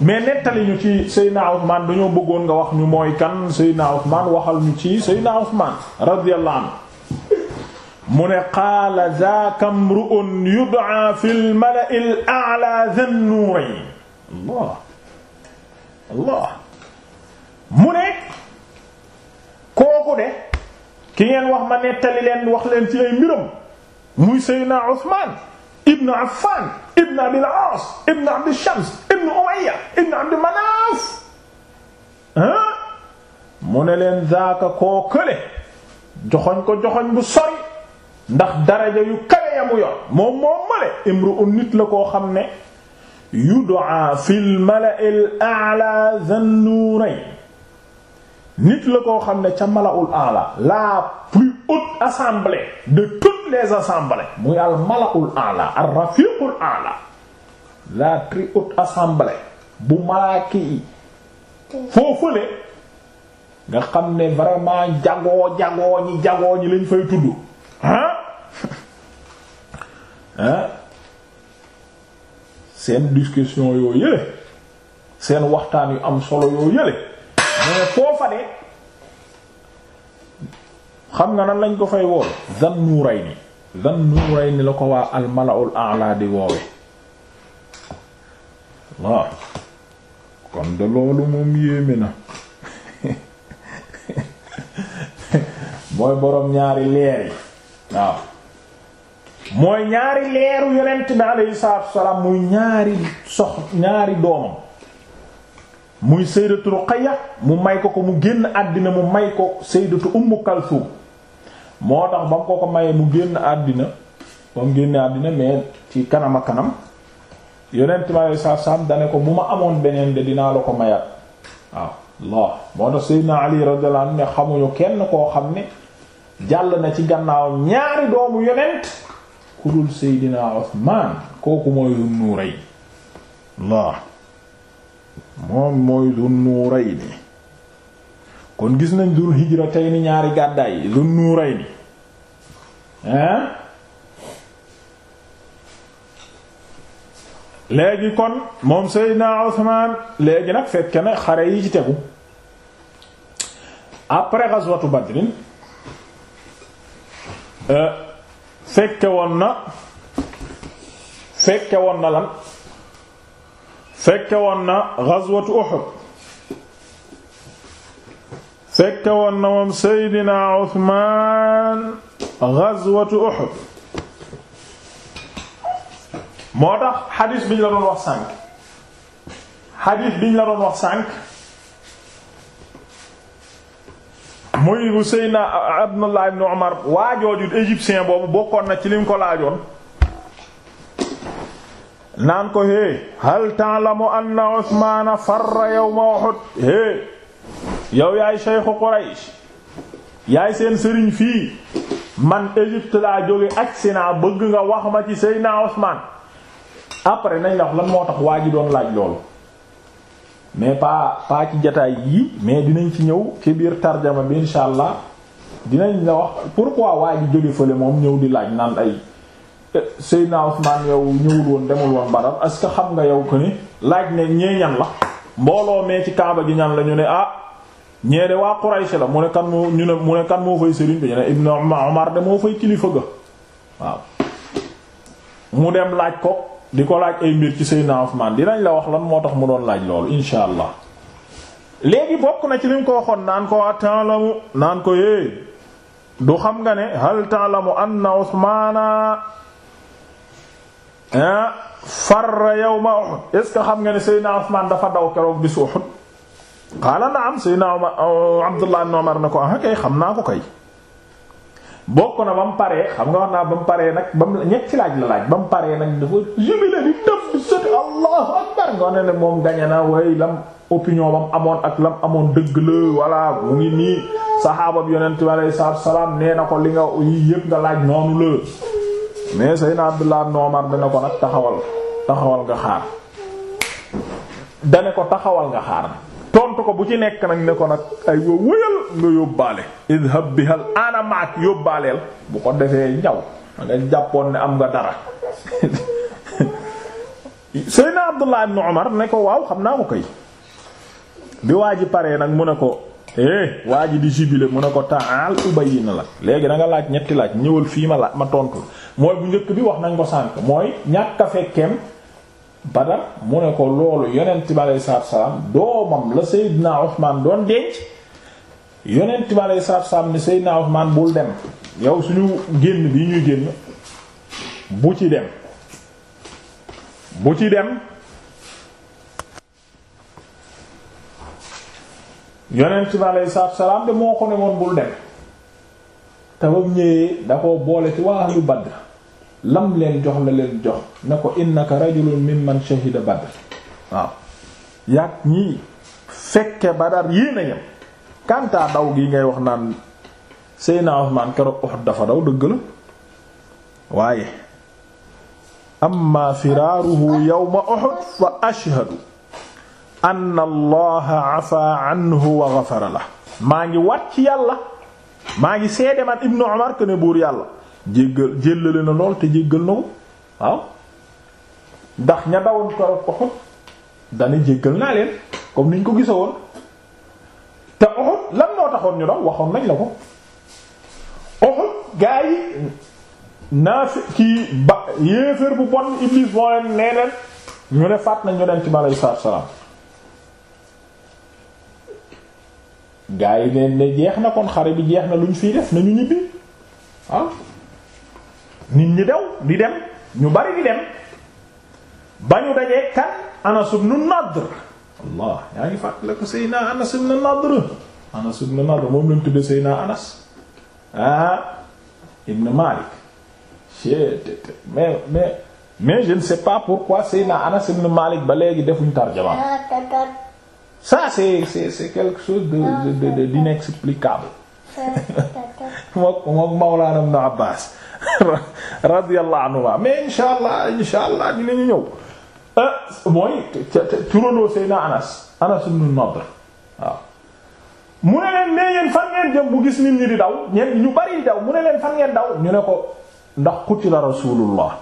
mais nettali ñu ci Seydina Usmaan dañoo bëggoon nga wax ñu mooy kan Seydina Usmaan waxal ñu ci Seydina Usmaan radiyallahu anhu mu ne qaala zaaka mru'un yud'aa fil mala'il a'laa dhan nuurayn Allah Allah mu ne kooku de ki ngeen wax ma nettali leen wax leen ci ay mbiram muy Seydina Usmaan ibn Affan ibn Abil Aas ibn Shams ibn Umayya ibn Abd Manaf ah mu ne leen zaaka koo kële joxoñ ko joxoñ bu sori ndax daraja yu kawe yamu yor moom moo male imru'un nit la koo xam ne yud'a fil mala'il a'la dhan nit la koo xam ne ca malaul ala la plus haute assemblée de toutes les assemblées muy al malaul ala ar rafiqul ala la plus haute assemblée bu malaaki yi foofale nga xam ne vraiment jagoo jagoo ñi jagoo ñi lañ fay tudd ah ah seen discussion yoo yële seen waxtaan yu am solo yoo yële mais foofa de xam nga nan lañ ko fay woowe zan nuuray ni zan nuuray ni la ko waa almalaul ala di woowe waaw kon de loolu moom yéeme na mooy boroom ñaari leer yi waaw mooy ñaari leeru yonent bi alayhi salaatu salaam muy ñaari sox ñaari doomam muy sayyidatu Ruqayya mu may ko ko mu génn àddina mu may ko sayyidatu Ummu Kalthum moo tax ba mu ko ko mayee mu génn àddina ba mu génn àddina mais ci kanam kanam yonent ma sa sam dane ko bu ma amoon beneen de dinaa la ko mayaat waaw Allah moo tax Seydina Ali radiyallahu ne xamuñu kenn koo xam ne jàll na ci gannaaw ñaari doomu yonent ku dul Seydina Usmaan kooku mooy nuuray Allah moom mooy Dun Nuurayni kon gis nañ Dul Hijratayni ñaari gàddaay yi Dun Nuurayni hein léegi kon moom Seydina Usmaan léegi nag fekk na xare yi ci tegu après ghazwatu Badrin euh, fekke woon na fekke woon na lan fekke woon na ghazwatu Uhud fekke woon na moom Seydina Usmaan ghazwatu Uhud moo tax xadiis biñ la doon wax sànq xadiis biñ la doon wax sànq muy bu Seydina Abdullah ibn Umar waajooju égyptien boobu bokkoon na ci liñ ko laajoon naan ko hé hal ta'lamu anna Usmaana farra yawma Uhud hé yow yaay cheikhu Quraysh yaay seen sëriñ fii man Égypte laa jóge ak sina bëgg nga wax ma ci Seydina Usmaan après nañ la lan moo tax waa ji doon laaj loolu mais pas pas ci jataay yii mais dinañ ci ñëw ci biir tarjama bi insha allah dinañ la wax pourquoi waa ji jóge fële moom ñëw di laaj naan ay Eh, Seydina Ousmane yow ñëwul woon demul woon Badar est que xam nga yow ko ni laaj ne ñee ñan la mbooloo mee ci Kaaba gi ñan la ne ah ñee de waa Quraysh la mu ne kan moo fay sëriñ bi ñu ne Ibnu Umar de moo fay kilifa ga waaw mu dem laaj ko di ko laaj ay mbir ci Seydina Ousmane dinañ la wax lan moo tax mu doon laaj loolu insha allah léegi bokk na ci liñ ko waxoon naan ko atalamu naan ko é du xam nga ne hal ta'lamu anna Ousmana Ah, farra yawma Uhud est ce que xam nga ne Seydina Usmaan dafa daw keroog bisu Uhud qaala na'am Seydina euh, ko ah, xam naa ko kay na ba mu paree xam nga wax naa ba mu paree nag ba mu ñetti laaj la laaj ba mu paree nag dafa jubile di def na way opinion bam amoon ak lam amoon dëgg la voilà mu ngi nii saxaaba bi na ko li nga yi laaj noonu la mais Seydina Abdullah ibn Umar dana ko nag taxawal taxawal nga xaar dane ko taxawal nga xaar tontu ko bu ci nekk nag ne ko nag ay wa wëyal nga yóbbaale idhab biha al ana yóbbaaleel bu ko defee ñaw nga jàppoon ne am nga dara Seydina Abdullah ibn Umar ne ko waaw xam naa ko kay bi waa ji paree nag mu ne ko eh waa ji di jubile mu ne ko taal na la léegi da nga laaj ñetti laaj ñëwal fii ma laaj ma tontu mooy bu njëkk bi wax nañ ko sànk mooy ñàkk a fekkeem Badar mu ne ko loolu yonent bi aleyhi salaatu salaam doomam la Seydina Ousmane doon denc yonent bi aleyhi salaatu salaam ne Seydina Ousmane bul dem yow suñu génn bi ñuy génn bu ci dem bu ci dem yonent bi aleyhi salaatu salaam de moo ko ne woon bul dem te ba mu ñëwee da ko boole ci waa yu Badr lam leen jox la leen jox ne ko innaka rajulun mimman shahida badr waaw yàgg ñi fekke badar yéen a yem daw gi ngay wax naan seyna Usmaan keroog Uhud dafa daw dëgg la waaye amma firaaruhu yawma Uhud fa ashhadu anna allaha afa anhu wa ghafara la maa ngi wat ci yàlla maa ngi seede man ibnu Umar ko ne buur yàlla jéggal jéllale na lool te jéggal na ko waaw ndax ña dawoon keroog Uhud dana jéggal naa leen comme niñ ko gisa woon te Uhud lan noo taxoon ñu daw waxoon nañ la ko Uhud gaa yi naafi kii ba yéeféer bu bon Iblis moo leen nee leen ñu ne faat nañ ñu dem ci ma aley salaam gaa yi leen ne jeex na kon xare bi jeex na lu ñu fiy def nañu ñibbi ah? nit ñi dew di dem ñu bari di dem ba ñu dajee kan Anas ibn Nadr Anas ibn Nadr moom lañ tuddee Seyna Anas ah ibn Malik mais mais mais je ne sais pas pourquoi Seyna Anas ibn Malik ba léegi defuñ tarjama ça c'est c'est c'est quelque chose de de de d'inexplicable mook mook Mawlana Ibn Abbas radiyallahu anhuma mais insha allah insha allah dinañu ñëw euh, mooy turandoo Seydina Anas Anas ibn Nadr mu ne leen nee ngeen fan ngeen jëm bu gis nit ñu di daw ñeen ñu bari di daw mu ne leen fan ngeen daw ñu ne ko ndax qutila rasulullah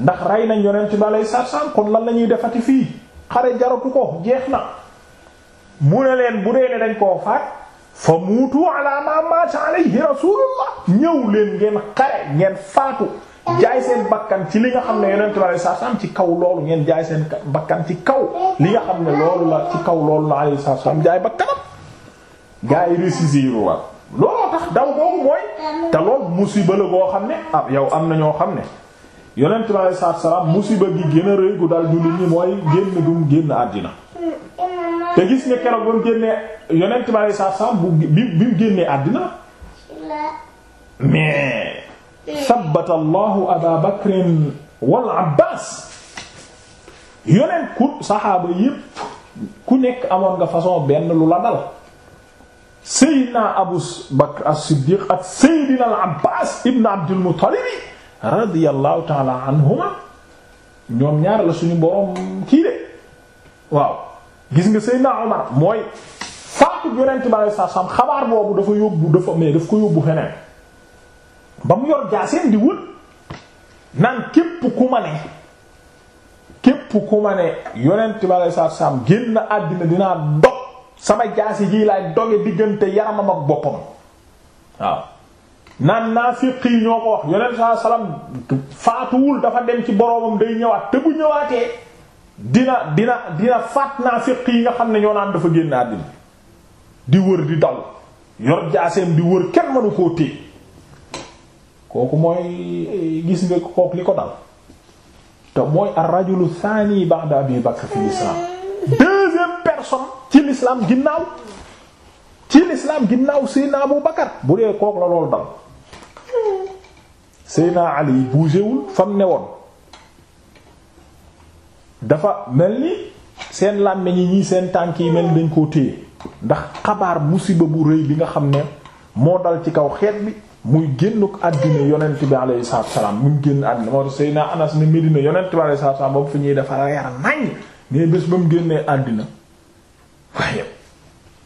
ndax rey nañ yonent bi aleyhi salaatu salaam kon lan la ñuy defati fii xare jaratu ko jeex na mu ne leen bu dee ne dañ koo faat fa muutu ala ma mata alayhi rasulullah ñëw leen ngeen xare ngeen faatu jaay seen bakkan ci li nga xam ne yonentu Yàlla saa saam ci kaw loolu ngeen jaay seen bakkan ci kaw li nga xam ne loolu la ci kaw loolu la alayhi saa saam jaay bakkanam gaa yi récisir la looloo tax daw boobu mooy te lool musiba la boo xam ne ah yow am na ñoo xam ne yonentu Yàlla saa saam musiba gi gën a rëy gu dal jullit ñi mooy génn dum génn àddina te gis nga keroog ba mu génnee yonent bi saa saa bu bi bi mu génnee àddina mais sabbata allahu aba bakrin wal abbas yonent ku saxaaba yépp ku nekk amoon nga façon benn lu la dal seydina abu bakr as-siddiq ak seydina al abbas ibn abdul muttalib radiyallahu taala anhuma ñoom ñaar la suñu boroom kii de waaw gis nga Seydina Omar mooy faatu yonent ba lay sax sam xabaar boobu dafa yóbbu dafa mais daf ko yóbbu feneen ba mu yor jaaseen di wut naan képp ku ma ne képp ku ma ne yonent ba lay sax sam génn àddina dinaa dog sama jaasi jii laay doge diggante yaramam ak boppam waaw naan naa yi ñoo ko wax yonent salaam faatuwul dafa dem ci boromam day ñëwaat te bu ñëwaatee. dina dina dina faat naafiq yi nga xam ne ñoo naan dafa génn àddina di wër di daw yor jaaseem di wër kenn mënu koo téye kooku mooy gis nga kook li ko dal te mooy ar-rajulu thani ba'da Abi Bakr fi l'islam deuxième personne ci l'islam ginnaaw ci l'islam ginnaaw Seydina Abu Bakar bu dee kook la loolu dal Seydina Ali bougéwul fam ne woon dafa mel ni seen làmmiñ yi ñii seen tànk yi mel ni dañ koo téye ndax xabaar musiba bu rëy bi nga xam ne moo dal ci kaw xeet bi muy génnuk àddina yonent bi alayhi salaatu salaam mu génn àddina moo tax Seydina Anas ne Medina yonent bi alayhi salaatu salaam ba mu fi ñuy dafa reer nañ ne bés ba mu génnee àddina waaye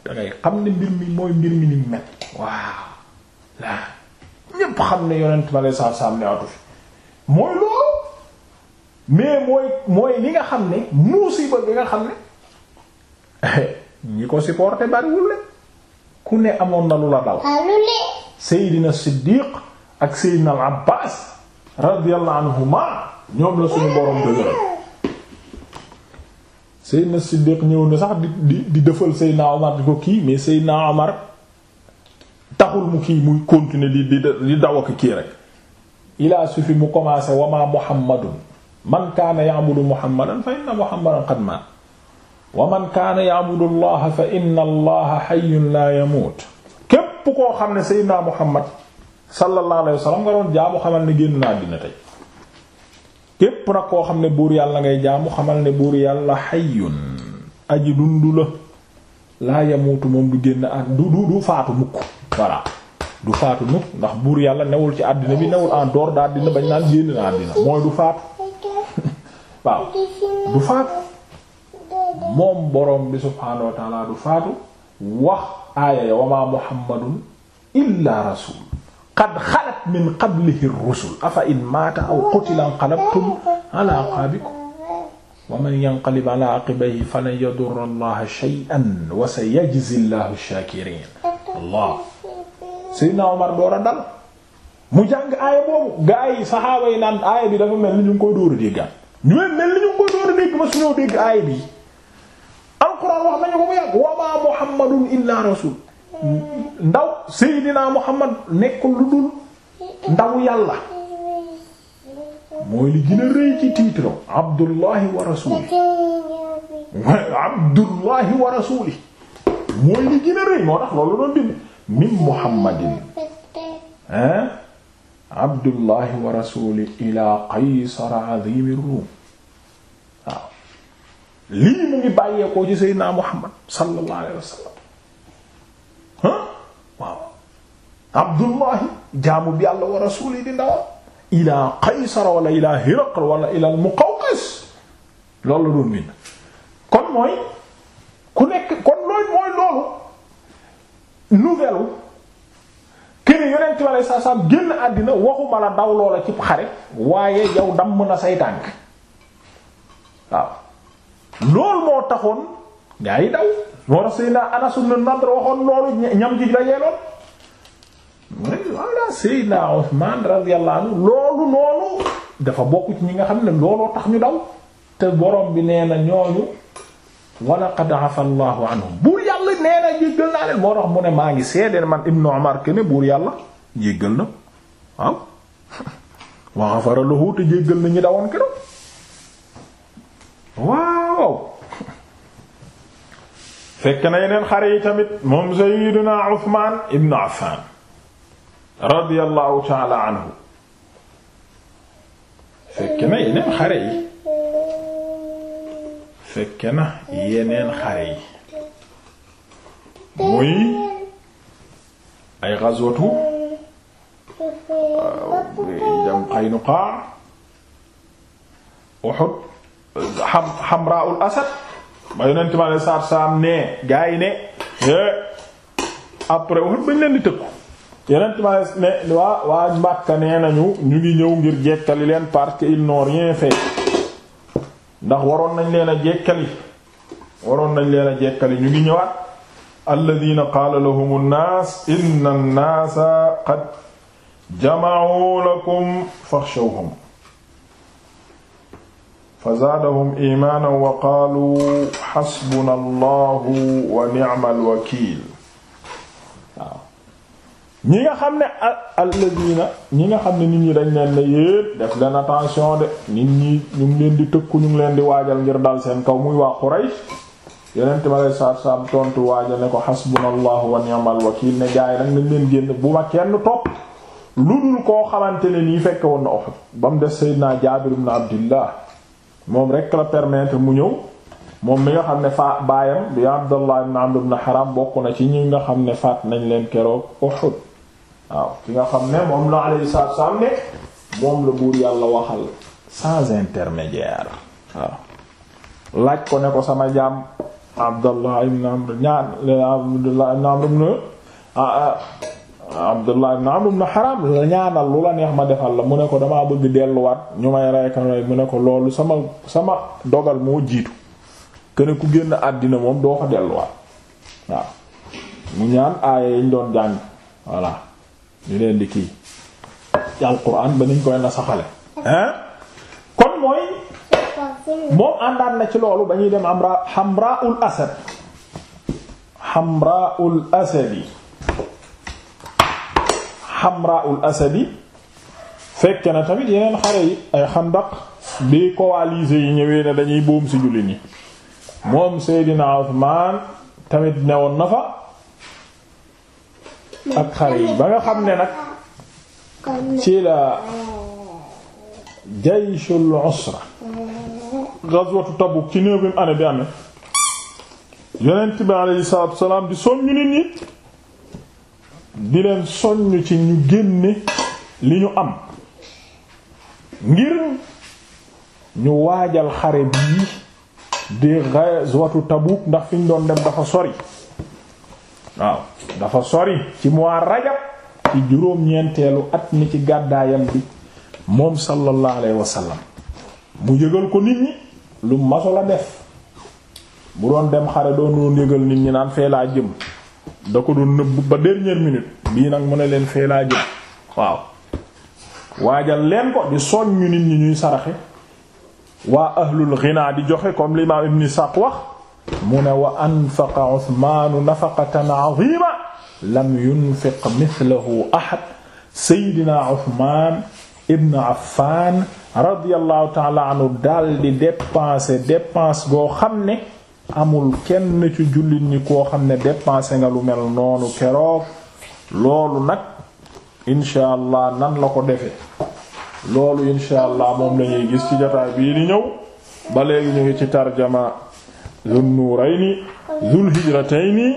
dangay xam ne mbir mi mooy mbir mi ni mel waaw ñépp xam ne yonent bi alayhi salaatu salaam ne atu fi mooy loolu mais mooy mooy li nga xam ne musiba bi nga xam ne ñi ko supporté bariwul la ku ne amoon na lu la dal Seydina Siddiq ak Seydina al Abbas ñoom la suñu borom dëgëral Seydina Siddiq ñëw na sax di di di dëfal Seydina Omar di ko kii mais Seydina Omar taxul mu kii muy continuer di di di daw ak kii rek il a mu commencé wamaa Muhammadun man kaana ya'budu muhammadan fa inna muhammadan qad wa man kaana ya'budu allaha fa inna allaha hayyun la yamut képp koo xam ne sayyidina muhammad sallallahu alayhi wa sallam nga doon jaamu xamal ne génn naa dina tey képp nag koo xam ne buur yàlla ngay jaamu xamal ne buur yàlla hayyun aji dundu la laa yamutu moom du génn ak du du faatu mukk voilà du faatu mukk ndax buur yàlla newul ci àddina bi newul en dehors d'àddina bañ naan génn na àddina mooy du waaw du faatu moom borom bi subhaanahu wa taala du faatu wax aaya ya wa maa muhammadun illa rasul qad xalat min qablihi rusul afa in maata aw qutila inqalabtum ala aqaabikum wa man yanqalib ala aqibayhi falan yadurra allaha shay'an wa sayajzi llahu shaakiriin allah sayyidina Umar door a dal mu jàng aaya boobu gaa yi saxaaba yi naan aaya bi dafa mel ni ñu ngi koy dóor a dégg ñu mel mel ni ñu ngi koy door a dégg ba aay bi alxuraan wax nañu ko bu yàgg wa maa muhammadun illaa rasul ndaw seydinaa muhammad nekk lu dul ndaw yàlla mooy li gën a rëy ci titre abdullahi wa rasuli mooy li gën a rëy moo tax loolu doon bind min muhammadin hein abdullahi wa rasuli ila qaysar azimi ruum waaw lii mu ngi bàyyeekoo ci seydinaa muhammad sallallahu alayhi wa sallam ah waaw abdullahi jaamu bi yàlla wa rasuli di ndawa ila qaysar wala ila hiraql wala ila muqawqis loolu la doon bind kon mooy ku nekk kon loolu mooy loolu nouvelle kene yonent bi aleyhi salaam génn àddina waxuma la daw loola ci xare waaye yow damm a say tànk waaw loolu moo taxoon gaa yi daw moo tax Seydina Anas ibn Nadr waxoon loolu ñam ji la yeeloon voilà Seydina Usmaan radiyallahu anhu loolu noonu dafa bokk ci ñi nga xam ne looloo tax ñu daw te borom bi nee na ñooñu wa laqad afa Allahu nee jéggal naa leen moo tax mu ne maa ngi seedeel man Ibnu Umar kene buur yàlla jéggal na waaw wa waaw fekk na yeneen xare yi tamit moom Sayyidina Uthman ibnu Affan radiyallahu ta'ala anhu fekk na yeneen xare yi fekk na yeneen xare yi muy ay ghazwatu jam Qaynuqa Uhud xam Hamra'ul Asad ba yonent ma ne saar saam nee gaa yi ne après Uhud bañ leen di tëkku yonent ma ne ne waa waa Makka nee nañu ñu ngi ñëw ngir jekkali leen parce que ils rien fait ndax waroon nañ leen a jekkali waroon nañ leen a jekkali ñu ngi ñëwaat alladina qaala lahum annaas inna annaasa qad jamacuu lakum faxshawhum fa zaadahum imaanan wa qaaluu xasbuna allahu wa nicma alwakiil waaw ñi nga xam ne alladina ñi nga xam ne nit ñi dañ leen ne yépp def leen attention de nit ñi ñu ngi leen di tëkku ñu ngi leen di waajal ngir dal seen kaw muy waa Quraysh yonent ma lay saar saam tontu waaja ne ko xasbunallahu wa ni'mal wakiil ne gaay nag nañ leen génn bu ma kenn topp lu dul koo xamante ne nii fekke woon na Uhud ba mu des Seydina Jaabir ibn Abdillah moom rekk la permettre mu ñëw moom mi nga xam ne fa baayam bi Abdallah ibn Amr ibn Haram bokk na ci ñi nga xam ne faat nañ leen keroog Uhud waaw ki nga xam ne moom la alayhi salaatu salaam la buur yàlla waxal sans intermédiaire waaw laaj ko ne ko sama jaam Abdallah ibn Amr ñaar Abdallah ibn Amr ibn ah, ah, Abdullah ibn Amr ibn Haram la ñaanal lu la neex ma defal la mu ne ko damaa bëgg delluwaat ñu may rey kanam mu ne ko loolu sama sama dogal moo jiitu kenn ku génn àddina moom doo ko delluwaat waaw mu ñaan aaya yi ñu doon jàng voilà ñu leen di kii ci alquran ba niñ koy nasaxale hein kon mooy moom àndaat na ci loolu ba ñuy dem amra xamraul asad xamraul asadi xamraul asadi fekk na tamit yeneen xare yi ay xandaq bi coalisés yi ñëwee ne dañuy boom ci julli yi moom Seydina Usmaan tamit newoon na fa ak xare yi ba nga xam ne nag ci la jayshul usra ghazwatu Tabuk ci neuvième année bi amee yonent bi alayhi salaatu salaam di soññu nit ñi di leen soññ ci ñu génne li ñu am ngir ñu waajal xare bii di watu Tabuk ndax fi ñu doon def dafa sori waaw dafa sori ci mois rajab ci juróom-ñeenteelu at mi ci gàddaayam bi moom sallallahu alayhi wa sallam mu yëgal ko nit ñi lu maso la def bu doon dem xare doon doon yëgal nit ñi naan fee laa jëm da ko doon nëbb ba dernière minute bii nag mu ne leen fee laa jëm waaw waajal leen ko di soññu nit ñi ñuy saraxe waa ahlul ghina di joxe comme l'imam ibn Saq wax mu ne wa anfaqa Usmaanu nafaqatan azima lam yunfiq mithlahu ahad seydina Usmaan ibn Affaan radiyallahu taala anhu daal di dépenser dépense boo xam ne amul kenn ci jullit ñi koo xam ne dépenser nga lu mel noonu keroog loolu nag incha allah nan la ko defee loolu incha allah moom la gis ci jotaay bii di ñëw ba léegi ñu ngi ci tarjama zul nuurayni zul hijratayni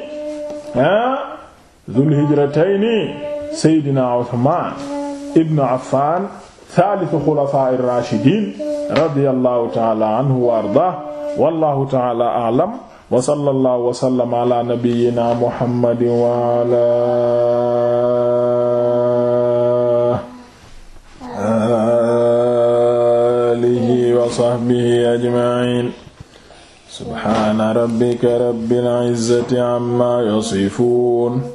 ah zul hijratayni Seydina Usmaan ibn Affaan saalisu xulafaa irraashidiin radiyallahu taala anhu wa ardaah wallahu taala alam wa sallallahu wa sallam ala nabiyyina muhammadin wa ala alihi wa sahbihi ajma'in subhaana rabbika rabbil izzati amma yasifuun